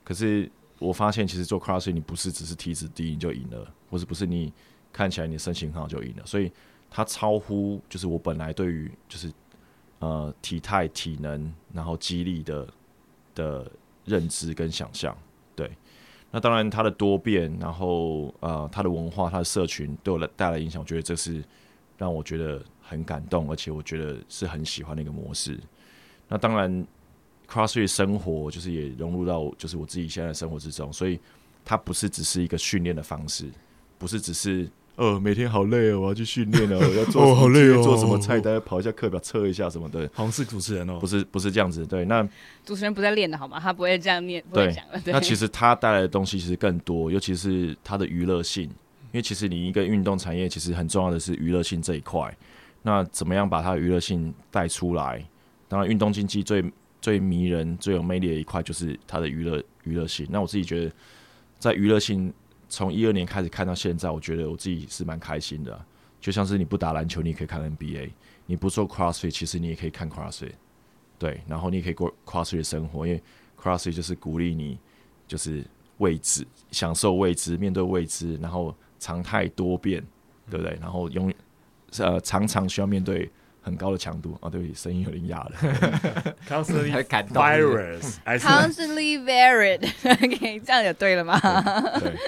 可是我發現其實做 CrossFit 你不是只是體脂低你就贏了，或是不是你看起來你的身形好就贏了，所以它超乎就是我本來對於就是。呃，體態、體能，然後肌力的的認知跟想象，對。那當然，它的多變，然後呃，它的文化、它的社群，對我來帶來影響，我覺得這是讓我覺得很感動，而且我覺得是很喜歡的一個模式。那當然，CrossFit 生活就是也融入到就是我自己現在的生活之中，所以它不是只是一個訓練的方式，不是只是。呃、哦，每天好累哦，我要去訓練了，我 要做、哦、好累哦。做什麼菜單，哦、跑一下課表，測一下什麼的。好像是主持人哦，不是不是這樣子，對，那主持人不再練了，好嗎？他不會這樣念，不會講了對。那其實他帶來的東西其實更多，尤其是他的娛樂性、嗯，因為其實你一個運動產業其實很重要的是娛樂性這一塊。那怎麼樣把他的娛樂性帶出來？當然，運動競技最最迷人、最有魅力的一塊就是他的娛樂娛樂性。那我自己覺得，在娛樂性。從一二年開始看到現在，我覺得我自己是蠻開心的。就像是你不打籃球，你也可以看 NBA；你不做 CrossFit，其實你也可以看 CrossFit。對，然後你也可以過 CrossFit 的生活，因為 CrossFit 就是鼓勵你，就是未知、享受未知、面對未知，然後常態多變，對不對？然後永遠呃常常需要面對。很高的強度啊，哦！對不起，聲音有點啞了。constantly virus constantly varied OK，這樣就對了嗎？對對，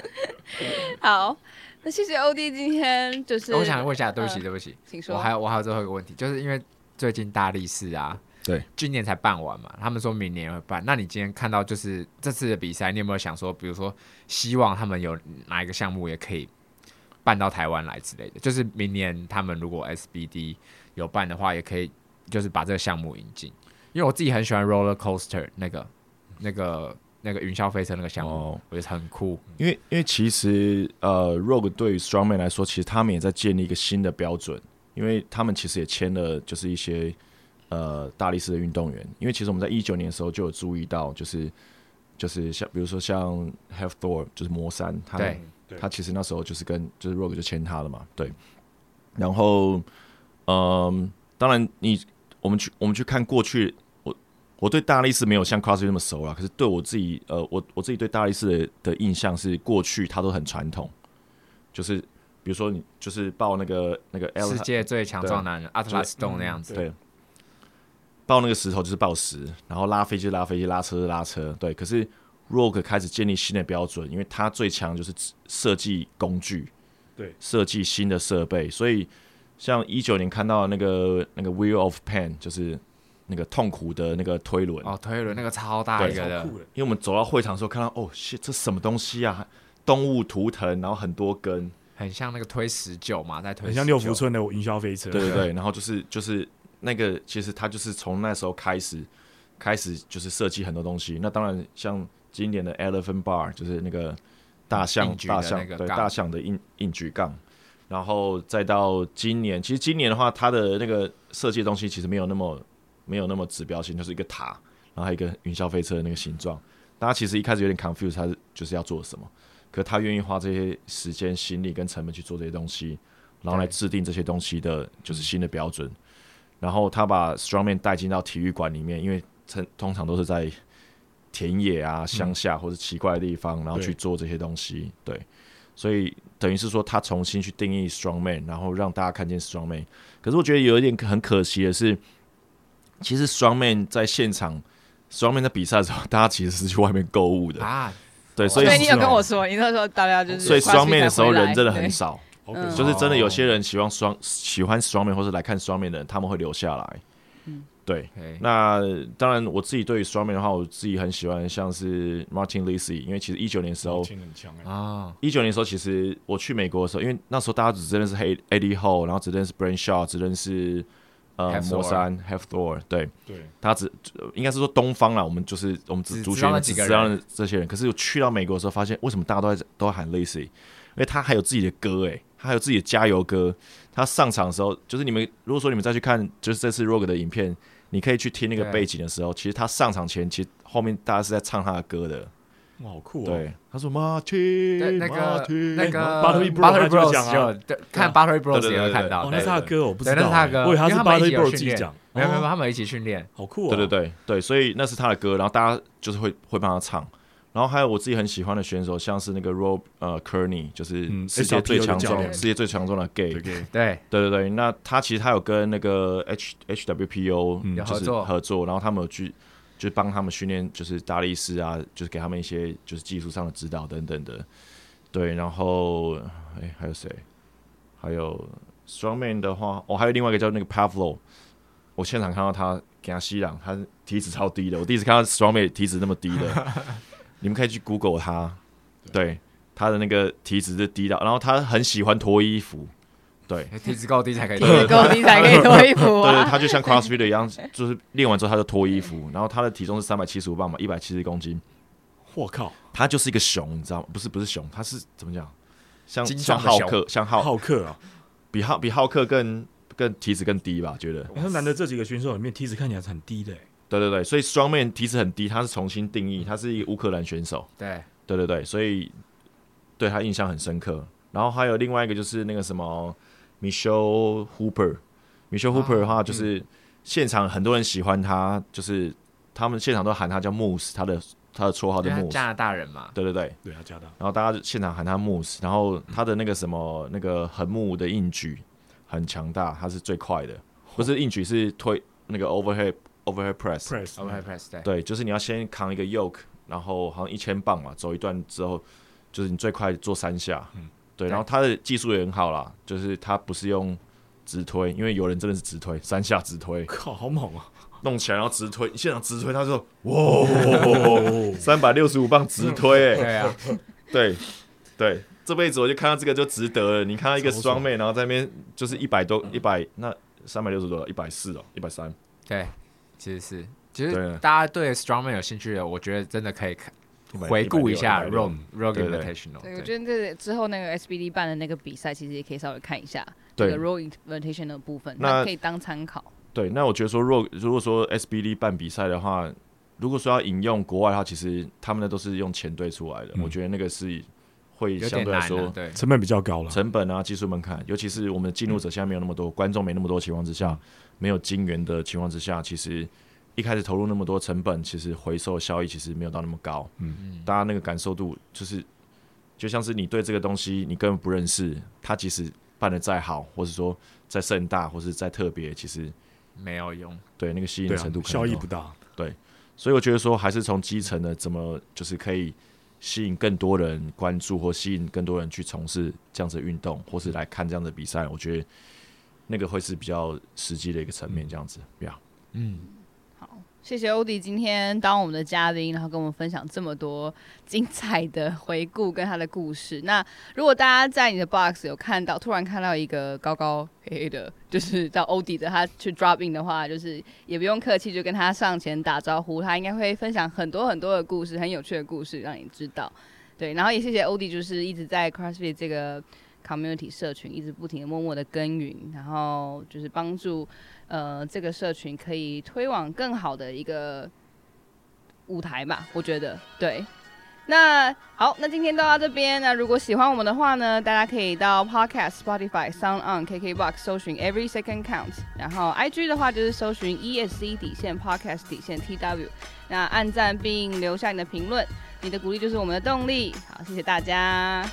好，那謝謝 Ody 今天就是，哦。我想問一下，對不起，呃、對不起，請說。我還有我還有最後一個問題，就是因為最近大力士啊，對，今年才辦完嘛，他們說明年會辦。那你今天看到就是這次的比賽，你有沒有想說，比如說希望他們有哪一個項目也可以辦到台灣來之類的？就是明年他們如果 SBD。有辦的話，也可以，就是把這個項目引進，因為我自己很喜歡 roller coaster 那個、那個、那個雲霄飛車那個項目、哦，我覺得很酷、cool。因為，因為其實呃，Rogue 對於 Strongman 來說，其實他們也在建立一個新的標準，因為他們其實也簽了就是一些呃大力士的運動員。因為其實我們在一九年的時候就有注意到、就是，就是就是像比如說像 Hafthor，就是魔山，他他其實那時候就是跟就是 Rogue 就簽他了嘛，對，然後。嗯，當然你，你我們去我們去看過去，我我對大力士沒有像 CrossFit 那麼熟啊，可是對我自己，呃，我我自己對大力士的，的印象是，過去他都很傳統，就是比如說你就是抱那個那個 Elha，世界最強壯男人 Atlas Stone、嗯、那樣子，對，抱那個石頭就是抱石，然後拉飛機拉飛機，拉車拉車，對。可是 Rogue 開始建立新的標準，因為他最強就是設計工具，對，設計新的設備，所以。像一九年看到的那個那個 Wheel of Pain 就是那個痛苦的那個推輪。哦，推輪那個超大一個的，的。因為我們走到會場的時候，看到哦，shit, 這什麼東西啊？動物圖騰，然後很多根，很像那個推十九嘛，在推十九。很像六福村的雲霄飛車。對對對， 然後就是就是那個，其實他就是從那時候開始開始就是設計很多東西。那當然像今年的 Elephant Bar，就是那個大象個大象對大象的硬硬舉槓。然後再到今年，其實今年的話，它的那個設計的東西其實沒有那麼沒有那麼指標性，就是一個塔，然後還有一個雲霄飛車的那個形狀。大家其實一開始有點 confuse 他是就是要做什麼？可是他願意花這些時間、心力跟成本去做這些東西，然後來制定這些東西的就是新的標準、嗯。然後他把 strongman 帶進到體育館裡面，因為通常都是在田野啊、鄉下、嗯、或者奇怪的地方，然後去做這些東西。對，對所以。等於是說，他重新去定義 Strongman，然後讓大家看見 Strongman。可是我覺得有一點很可惜的是，其實 Strongman 在現場、Strongman 在比賽的時候，大家其實是去外面購物的啊。對，所以就是，所以你有跟我說，你那時候大家就是，所以 Strongman 的時候人真的很少，就是真的有些人喜歡 Strong 喜歡 Strongman，或者來看 Strongman 的人，他們會留下來。對，okay. 那當然，我自己對於 Strongman 的話，我自己很喜歡，像是 Martins Licis 因為其實一九年的時候，欸、啊！一九年的時候，其實我去美國的時候，因為那時候大家只認識 e 黑 Eddie Hall，然後只認識 Brian Shaw 只認識呃魔山 Hafthor，對對，他只應該是說東方啦，我們就是我們只主角只知道這些人。可是我去到美國的時候，發現為什麼大家都在都在喊 Licis 因為他還有自己的歌哎，他還有自己的加油歌。他上場的時候，就是你們如果說你們再去看，就是這次 Rogue 的影片。你可以去聽那個背景的時候，其實他上場前，其實後面大家是在唱他的歌的，哇、嗯，好酷、啊！對，他說 “Martin”，對那個馬那個、嗯、Battery, Bros “Battery Bros” 就對、啊、看 “Battery Bros”、啊、也有看到、哦對對對對對對對哦，那是他的歌，對對對我不知道，因為他是 “Battery Bros” 自己講，沒有沒有，他們一起訓練，好酷、啊！對對對對，所以那是他的歌，然後大家就是會會幫他唱。然後還有我自己很喜歡的選手，像是那個 Rob 呃 Kearney，e 就是世界最強壯的、嗯、世界最強壯的,、嗯的嗯、Gay，對對對對。那他其實他有跟那個 H H W P O、嗯、就是合作,合作，然後他們有去就是幫他們訓練，就是大力士啊，就是給他們一些就是技術上的指導等等的。對，然後哎還有誰？還有 Strongman 的話，哦還有另外一個叫那個 Pavlo，我現場看到他給他吸氧，他體脂超低的，我第一次看到 Strongman 體脂那麼低的。 你們可以去 Google 他，對，對，他的那個體脂是低到，然後他很喜歡脫衣服，對，欸、體脂夠低才可以脫衣服，夠低才可以脫衣服。對，他就像 CrossFit 一樣， 就是練完之後他就脫衣服，然後他的體重是三百七十五磅嘛，一百七十公斤。我靠，他就是一個熊，你知道嗎？不是，不是熊，他是怎麼講？像像浩克，像浩浩克啊，比浩比浩克更更體脂更低吧？覺得。那男的這幾個選手裡面，體脂看起來是很低的、欸。對對對，所以 Strongman 其實很低，他是重新定義、嗯，他是一個烏克蘭選手。對對對對，所以對他印象很深刻。然後還有另外一個就是那個什麼，Mitchell Hooper。Mitchell Hooper 的話，就是現場很多人喜歡他，啊嗯、就是他們現場都喊他叫 Moose，他的他的綽號叫 Moose，加拿大人嘛，對對對，對他加拿大。然後大家現場喊他 Moose，然後他的那個什麼、嗯、那個橫木的硬舉很強大，他是最快的，不、就是硬舉是推、哦、那個 overhead。Overhead press，, press, Overhead press 對，對，就是你要先扛一個 yoke，然後好像一千磅嘛，走一段之後，就是你最快做三下，嗯，對。然後他的技術也很好啦，就是他不是用直推，因為有人真的是直推，三下直推，靠，好猛啊！弄起來然後直推，你現場直推，他說：“哇，三百六十五磅直推、欸！”哎、嗯，對、啊、對，對這輩子我就看到這個就值得了。你看到一個雙妹，然後在那邊就是一百多，一百、嗯、那三百六十多，一百四哦，一百三，對。其實是，其、就、實、是、大家對 Strongman 有興趣的，我覺得真的可以看回顧一下 Rogue Rogue Invitational 對對對對。對，我覺得這之後那個 SBD 辦的那個比賽，其實也可以稍微看一下這、那個 Rogue Invitational 的部分，那可以當參考。對，那我覺得說，若如果說 SBD 辦比賽的話，如果說要引用國外的話，其實他們的都是用錢堆出來的、嗯，我覺得那個是會相對來說、啊、對成本比較高了，成本啊，技術門檻，尤其是我們的進入者現在沒有那麼多，嗯、觀眾沒那麼多情況之下。沒有金援的情況之下，其實一開始投入那麼多成本，其實回收效益其實沒有到那麼高。嗯嗯，大家那個感受度就是，就像是你對這個東西你根本不認識，它其實辦得再好，或者說再盛大，或是再特別，其實沒有用。對，那個吸引程度可能、啊，效益不大。對，所以我覺得說，還是從基層的怎麼就是可以吸引更多人關注，或吸引更多人去從事這樣的運動，或是來看這樣子的比賽，我覺得。那個會是比較實際的一個層面。這、嗯，這樣子，對、yeah、啊。嗯，好，謝謝歐迪今天當我們的嘉賓，然後跟我們分享這麼多精彩的回顧跟他的故事。那如果大家在你的 box 有看到，突然看到一個高高黑黑的，就是叫歐迪的他去 drop in 的話，就是也不用客氣，就跟他上前打招呼，他應該會分享很多很多的故事，很有趣的故事讓你知道。對，然後也謝謝歐迪，就是一直在 crossfit 這個。Community 社群一直不停地默默的耕耘，然後就是幫助呃這個社群可以推廣更好的一個舞台吧。我覺得對。那好，那今天到這邊。那如果喜歡我們的話呢，大家可以到 Podcast Spotify Sound On KKBox 搜尋 Every Second Count，然後 IG 的話就是搜尋 ESC 底線 Podcast 底線 TW。那按讚並留下你的評論，你的鼓勵就是我們的動力。好，謝謝大家。